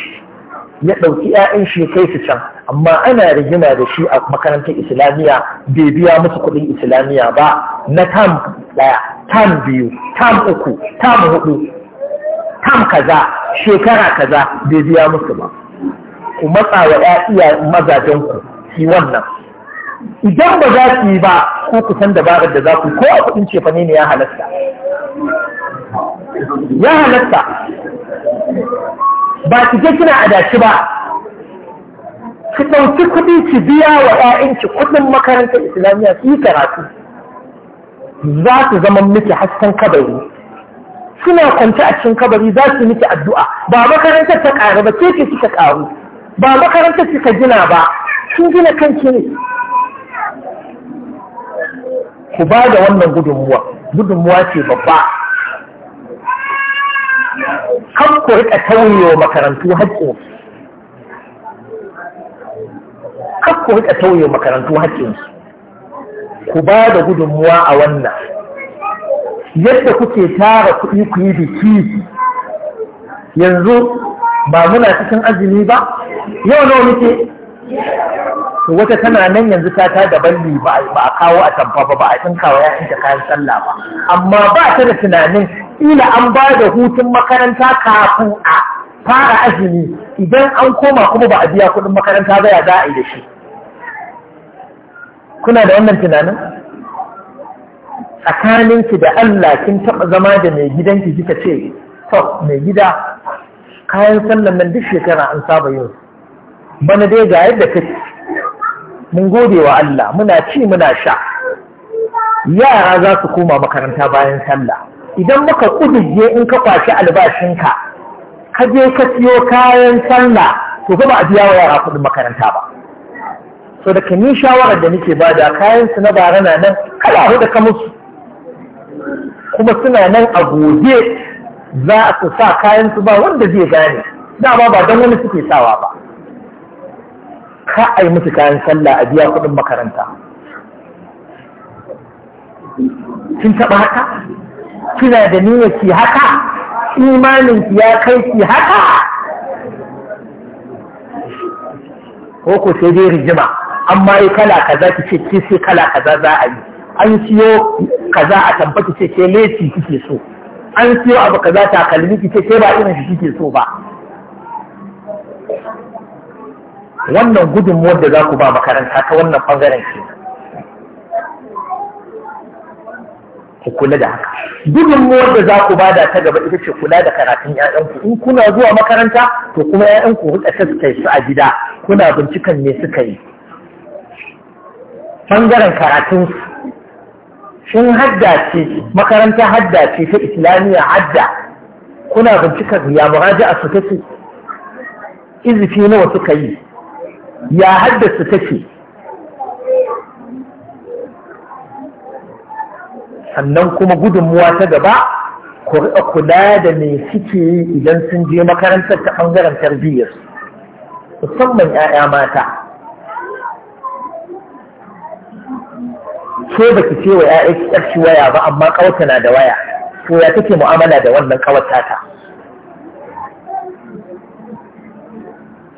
ya ɗauki 'ya'yan shi kai su can amma ana rigima da shi a makarantar islamiyya bai biya musu kuɗin islamiyya ba na tam ɗaya tam biyu tam uku tam hudu tam kaza shekara kaza bai biya musu ba ku matsa wa mazajen ku si wannan idan ba za su yi ba ko ku san dabarar da za ku ko a kuɗin cefane ne ya halasta ya halatta ba ki je kina adashi ba ki ɗauki kuɗi ki biya wa ‘ya'yanki kuɗin makarantar islamiyya su yi karatu za su zama miki hasken kabari suna kwance a cikin kabari za su miki addu'a ba makarantar ta ƙaru ba ke kika ƙaru ba makarantar ka gina ba sun gina kanki ne ku ba da wannan gudunmuwa gudunmuwa ce babba kan ku rika tauyewa makarantu haƙƙin kan ku rika tauyewa makarantu haƙƙin ku ba da gudunmuwa a wannan yadda kuke tara kuɗi ku yi biki yanzu ba muna cikin azumi ba yau nawa muke wata tana nan yanzu ta ta da balli ba a kawo a tamfa ba ba a tsinkawa ya ta kayan sallah ba amma ba ta da tunanin ila an ba da hutun makaranta kafin a fara azumi idan an koma kuma ba a biya kudin makaranta ba ya za a yi da shi kuna da wannan tunanin tsakaninki da Allah kin taɓa zama da mai gidanki kika ce to mai gida kayan sallan nan duk shekara an saba yin bana dai ga yadda kake mun gode wa Allah muna ci muna sha yara za su koma makaranta bayan sallah idan muka ƙudurje in ka kwashi albashinka ka je ka siyo kayan sallah to ba a biya wa yara kuɗin makaranta ba so da ni shawarar da nake bada kayan su na bara na nan kala hudu ka musu kuma suna nan a goge za su sa kayan su ba wanda zai gane dama ba don wani suke sawa ba ka a yi musu kayan sallah a biya kuɗin makaranta kin taɓa haka kina da niyyar ki haka imanin ki ya kai ki haka ko ko sai dai rijima amma yi kala kaza ki ce ki sai kala kaza za a yi an siyo kaza a tabbata ce ke leci kike so an siyo abu kaza takalmi ki ce ke ba irin shi kike so ba wannan gudunmuwar da za ku ba makaranta ta wannan bangaren kenan ku kula da haka gudunmuwar da za ku bada ta gaba ita ce kula da karatun ƴaƴanku in kuna zuwa makaranta to kuma ƴaƴanku rika taskai su a gida kuna bincikan me suka yi bangaren karatun shin hadda ce makaranta hadda ce ta islamiyya hadda kuna bincikan ya muraja'a su take izifi nawa suka yi ya haddasa take sannan kuma gudunmuwa ta gaba ku kula da me suke yi idan sun je makarantar ta ɓangaren tarbiyyar musamman 'ya'ya mata ke baki ce wa 'ya'ya ki waya ba amma ƙawata na da waya to ya take mu'amala da wannan ƙawata ta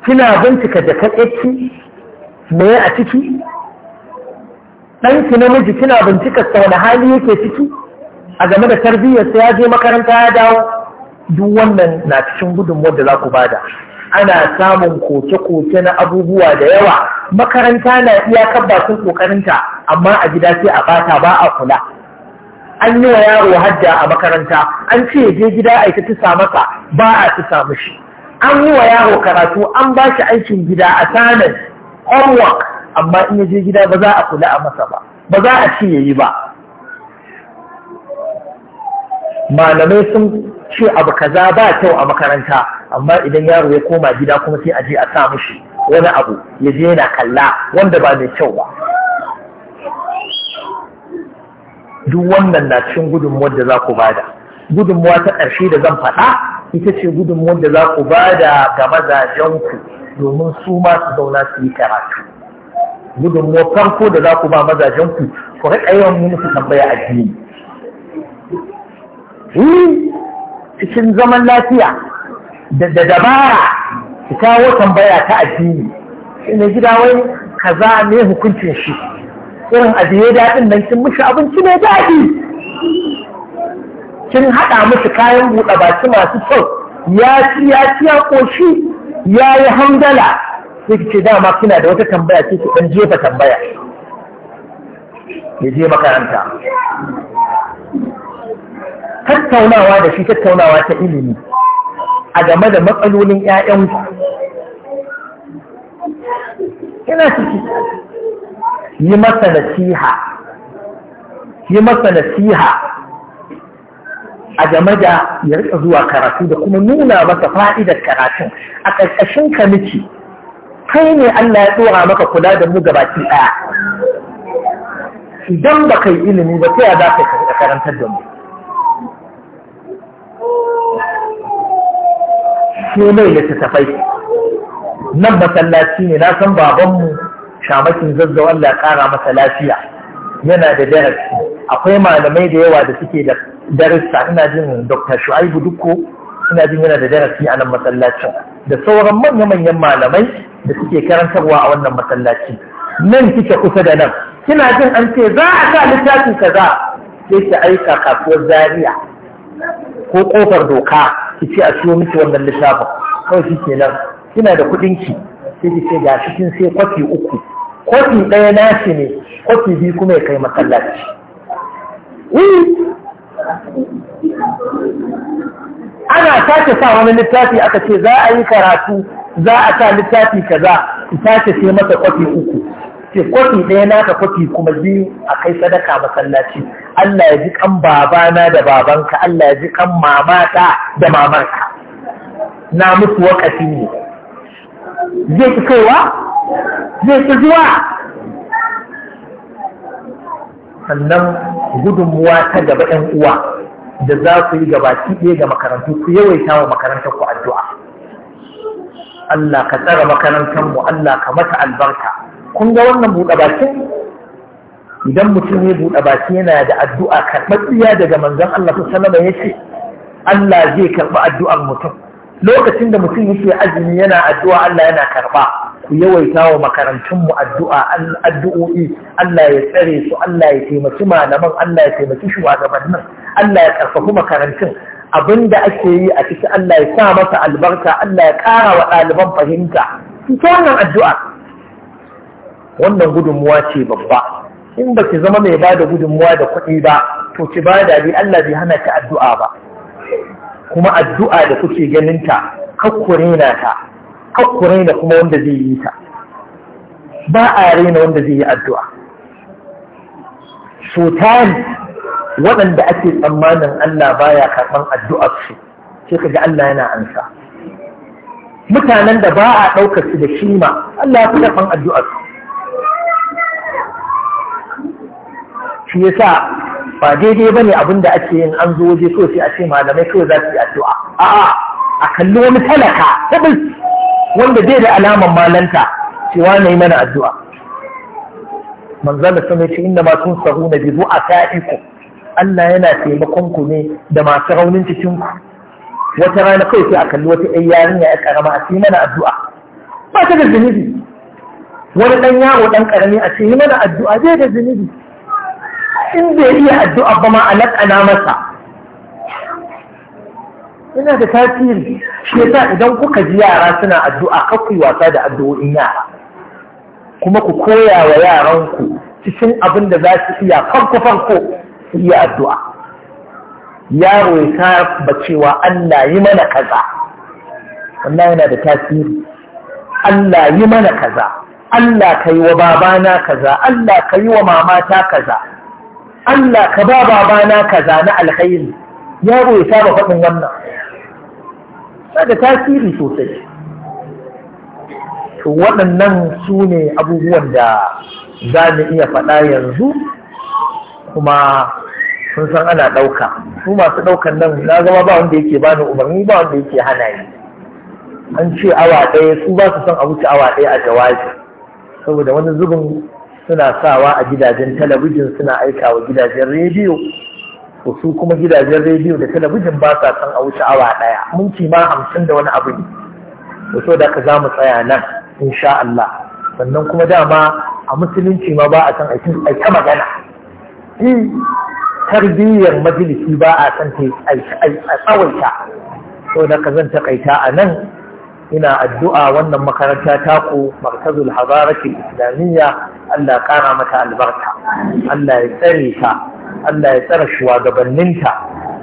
kina bincika da ki me a ciki ɗanki namiji kina bincika sa da hali yake ciki a game da tarbiyyarsa ya je makaranta ya dawo duk wannan na cikin gudunmuwar da za ku bada ana samun koke-koke na abubuwa da yawa makaranta na iya iyakar bakin kokarinta amma a gida sai a bata ba a kula an yi wa yaro hadda a makaranta an ce je gida a ita tusa masa ba a tusa mishi an yi wa yaro karatu an ba shi aikin gida a tanan homework amma in ya je gida ba za a kula a masa ba ba za a ce yayi ba malamai sun ce abu kaza ba kyau a makaranta amma idan yaro ya koma gida kuma sai a je a sa mushi wani abu ya je yana kalla wanda ba mai kyau ba duk wannan na cikin gudunmuwar da za ku bada gudunmuwa ta ƙarshe da zan faɗa ita ce gudunmuwar da za ku bada ga mazajenku domin su ma su zauna su yi karatu gudunmuwa farko da za ku ba mazajenku ku riƙa yawan musu tambaya addini yi cikin zaman lafiya da dabara ki kawo tambaya ta addini ina gida wai kaza ne hukuncin shi irin ajiye daɗin nan kin mishi abinci mai daɗi kin haɗa musu kayan buɗe baki masu kyau ya ci ya ci ya ƙoshi ya yi hamdala sai ki ce dama kina da wata tambaya ce ki dan jefa tambaya ya je makaranta tattaunawa da shi tattaunawa ta ilimi a game da matsalolin 'ya'yanku ina ciki yi masa nasiha yi masa nasiha a game da ya rika zuwa karatu da kuma nuna masa fa'idar karatun a ƙarƙashin miki. kai ne Allah ya tsora maka kula da mu gabaki ɗaya idan ba kai ilimi ba sai za ka karantar da mu shi mai littattafai nan masallaci ne na san babanmu shamakin zazzau Allah ya ƙara masa lafiya yana da darasi akwai malamai da yawa da suke da darussa ina jin dr shu'aibu dukko suna jin yana da darasi a nan masallacin da sauran manya-manyan malamai da suke karantarwa a wannan masallaci nan kike kusa da nan kina jin an ce za a sa littafin kaza sai ki aika kasuwar zaria ko kofar doka ki ce a siyo miki wannan littafin kawai shi nan, kina da kuɗin ki sai ki ce ga shi kin sai kwafi uku kwafi ɗaya nashi ne kwafi biyu kuma ya kai masallaci ana sake sa wani littafi aka ce za a yi karatu za a sa littafi kaza ki sake sai masa kwafi uku ce kwafi ɗaya naka kwafi kuma biyu a kai sadaka masallaci Allah ya ji kan babana da babanka Allah ya ji kan mamata da mamarka na musu wakati ne zai ki kaiwa zai ki zuwa sannan gudunmuwa ta gaba 'yan uwa da za ku yi gabaki ɗaya ga makarantu ku yawaita wa makarantar ku addu'a Allah ka tsara makarantar mu Allah ka mata albarka kun ga wannan buɗe baki idan mutum ya buɗe baki yana da addu'a karɓaɓɓiya daga manzon Allah su ya ce Allah zai karɓi addu'ar mutum lokacin da mutum yake azumi yana addu'a Allah yana karɓa ku yawaita wa makarantunmu addu'a addu'o'i Allah ya tsare su Allah ya taimaki malaman Allah ya taimaki shugabannin Allah ya karfafi makarantun abinda ake yi a cikin Allah ya sa masa albarka Allah ya kara wa ɗaliban fahimta ita wannan addu'a wannan gudunmuwa ce babba in ba ki zama mai bada gudunmuwa da kuɗi ba to ki bada bi Allah bai hana ki addu'a ba kuma addu'a da kuke ganin ta na ta kakku raina kuma wanda zai yi ta ba a raina wanda zai yi addu'a so waɗanda ake tsammanin Allah baya karɓan addu'ar su sai kaga Allah yana ansa mutanen da ba a ɗaukar su da shima Allah ya fi karɓan addu'ar su shi yasa ba daidai ba ne abinda ake yin an zo waje so sai a ce malamai kawai za su yi addu'a a'a a kalli wani talaka tabbas wanda zai da alaman malanta cewa na yi mana addu'a manzala sun ce inda masu sahu na bizu a ta'iku Allah yana taimakon ku ne da masu raunin cikin ku wata rana kai sai a kalli wata ɗan yarinya ya karama a ce mana addu'a ba ta da zunubi wani ɗan yaro ɗan karami a ce yi mana addu'a zai da zunubi in bai iya addu'a ba ma a lakana masa Ina da tasiri shi yasa idan kuka ji yara suna addu'a kar wasa da addu'o'in yara kuma ku koya wa yaranku cikin abin da za su iya farko farko su iya addu'a yaro ya ba cewa Allah yi mana kaza wannan yana da tasiri Allah yi mana kaza Allah ka yi wa babana kaza Allah ka yi wa mamata kaza Allah ka ba babana kaza na alkhairi yaro ya saba faɗin wannan sai da tasiri sosai to waɗannan su ne abubuwan da za mu iya faɗa yanzu kuma sun san ana ɗauka su masu ɗaukan nan na zama ba wanda yake bani umarni ba wanda yake hana ni an ce awa ɗaya su ba su son a wuce awa ɗaya a jawabi saboda wani zubin suna sawa a gidajen talabijin suna aika wa gidajen rediyo to su kuma gidajen rediyo da talabijin ba sa san a wuce awa ɗaya minti ma hamsin da wani abu ne to so da ka za mu tsaya nan insha Allah sannan kuma dama a musulunci ma ba a san a ta magana tarbiyyar majalisi ba a san ta a tsawaita so da ka zan takaita a nan ina addu'a wannan makaranta taku markazul hadarati islamiyya Allah ƙara mata albarka Allah ya tsare ta Allah ya tsara shugabanninta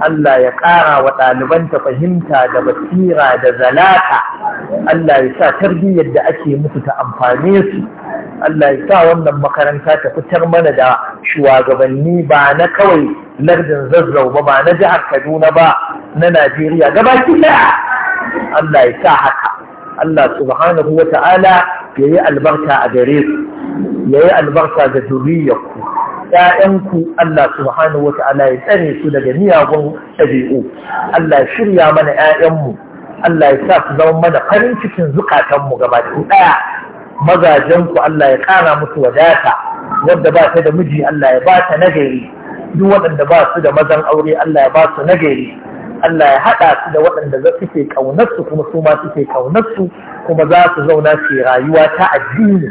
Allah ya ƙara wa ɗalibanta fahimta da basira da zalata Allah ya sa tarbiyyar da ake musu ta amfane su Allah ya sa wannan makaranta ta fitar mana da shugabanni ba na kawai lardin zazzau ba ba na jihar Kaduna ba na Najeriya gabaki ɗaya Allah ya sa haka Allah subhanahu wa ta'ala ya yi albarka a gare su ya yi albarka ga zuriyarku ‘ya'yanku Allah subhanahu wa ta'ala ya tsare su daga miyagun ɗabi'u, Allah ya shirya mana ‘ya'yanmu, Allah ya sa su zama mana farin cikin zukatanmu gaba ɗaya, mazajenku Allah ya ƙara musu wadata, wadda ba ta da miji Allah ya ba ta nagari, duk waɗanda ba su da mazan aure Allah ya ba su nagari, Allah ya haɗa su da waɗanda za suke ƙaunarsu kuma su ma ke ƙaunarsu kuma za su zauna su rayuwa ta addini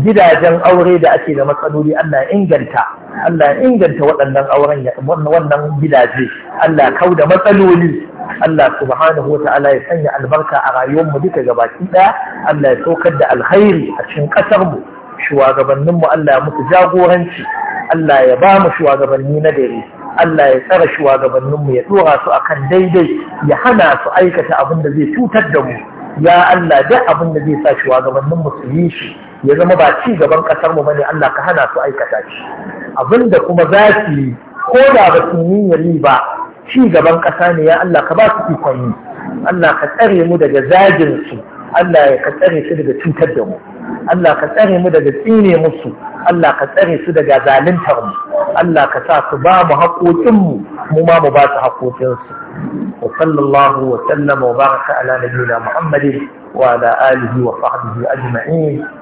gidajen aure da ake da matsaloli Allah ya inganta Allah ya inganta waɗannan auren wannan gidaje Allah kau da matsaloli Allah subhanahu wa ya sanya albarka a rayuwarmu duka gabaki ɗaya Allah ya saukar da alkhairi a cikin ƙasarmu shugabanninmu Allah ya mutu jagoranci Allah ya ba mu shugabanni na dare Allah ya tsara shugabanninmu ya ɗora su akan daidai ya hana su aikata abin da zai cutar da mu ya Allah duk abin da zai sa shugabanninmu su yi shi ya zama ba ci gaban kasar mu bane Allah ka hana su aikata shi abinda kuma za su yi ko da ba su yi ba ci gaban kasa ne ya Allah ka ba su ikon yi Allah ka tsare mu daga zagin su Allah ya ka tsare su daga cutar da mu Allah ka tsare mu daga tsine musu Allah ka tsare su daga zaluntar mu Allah ka sa su ba mu haƙoƙin mu mu ma mu ba su haƙoƙin su wa sallallahu wa sallama wa baraka ala nabiyyina Muhammadin wa ala alihi wa sahbihi ajma'in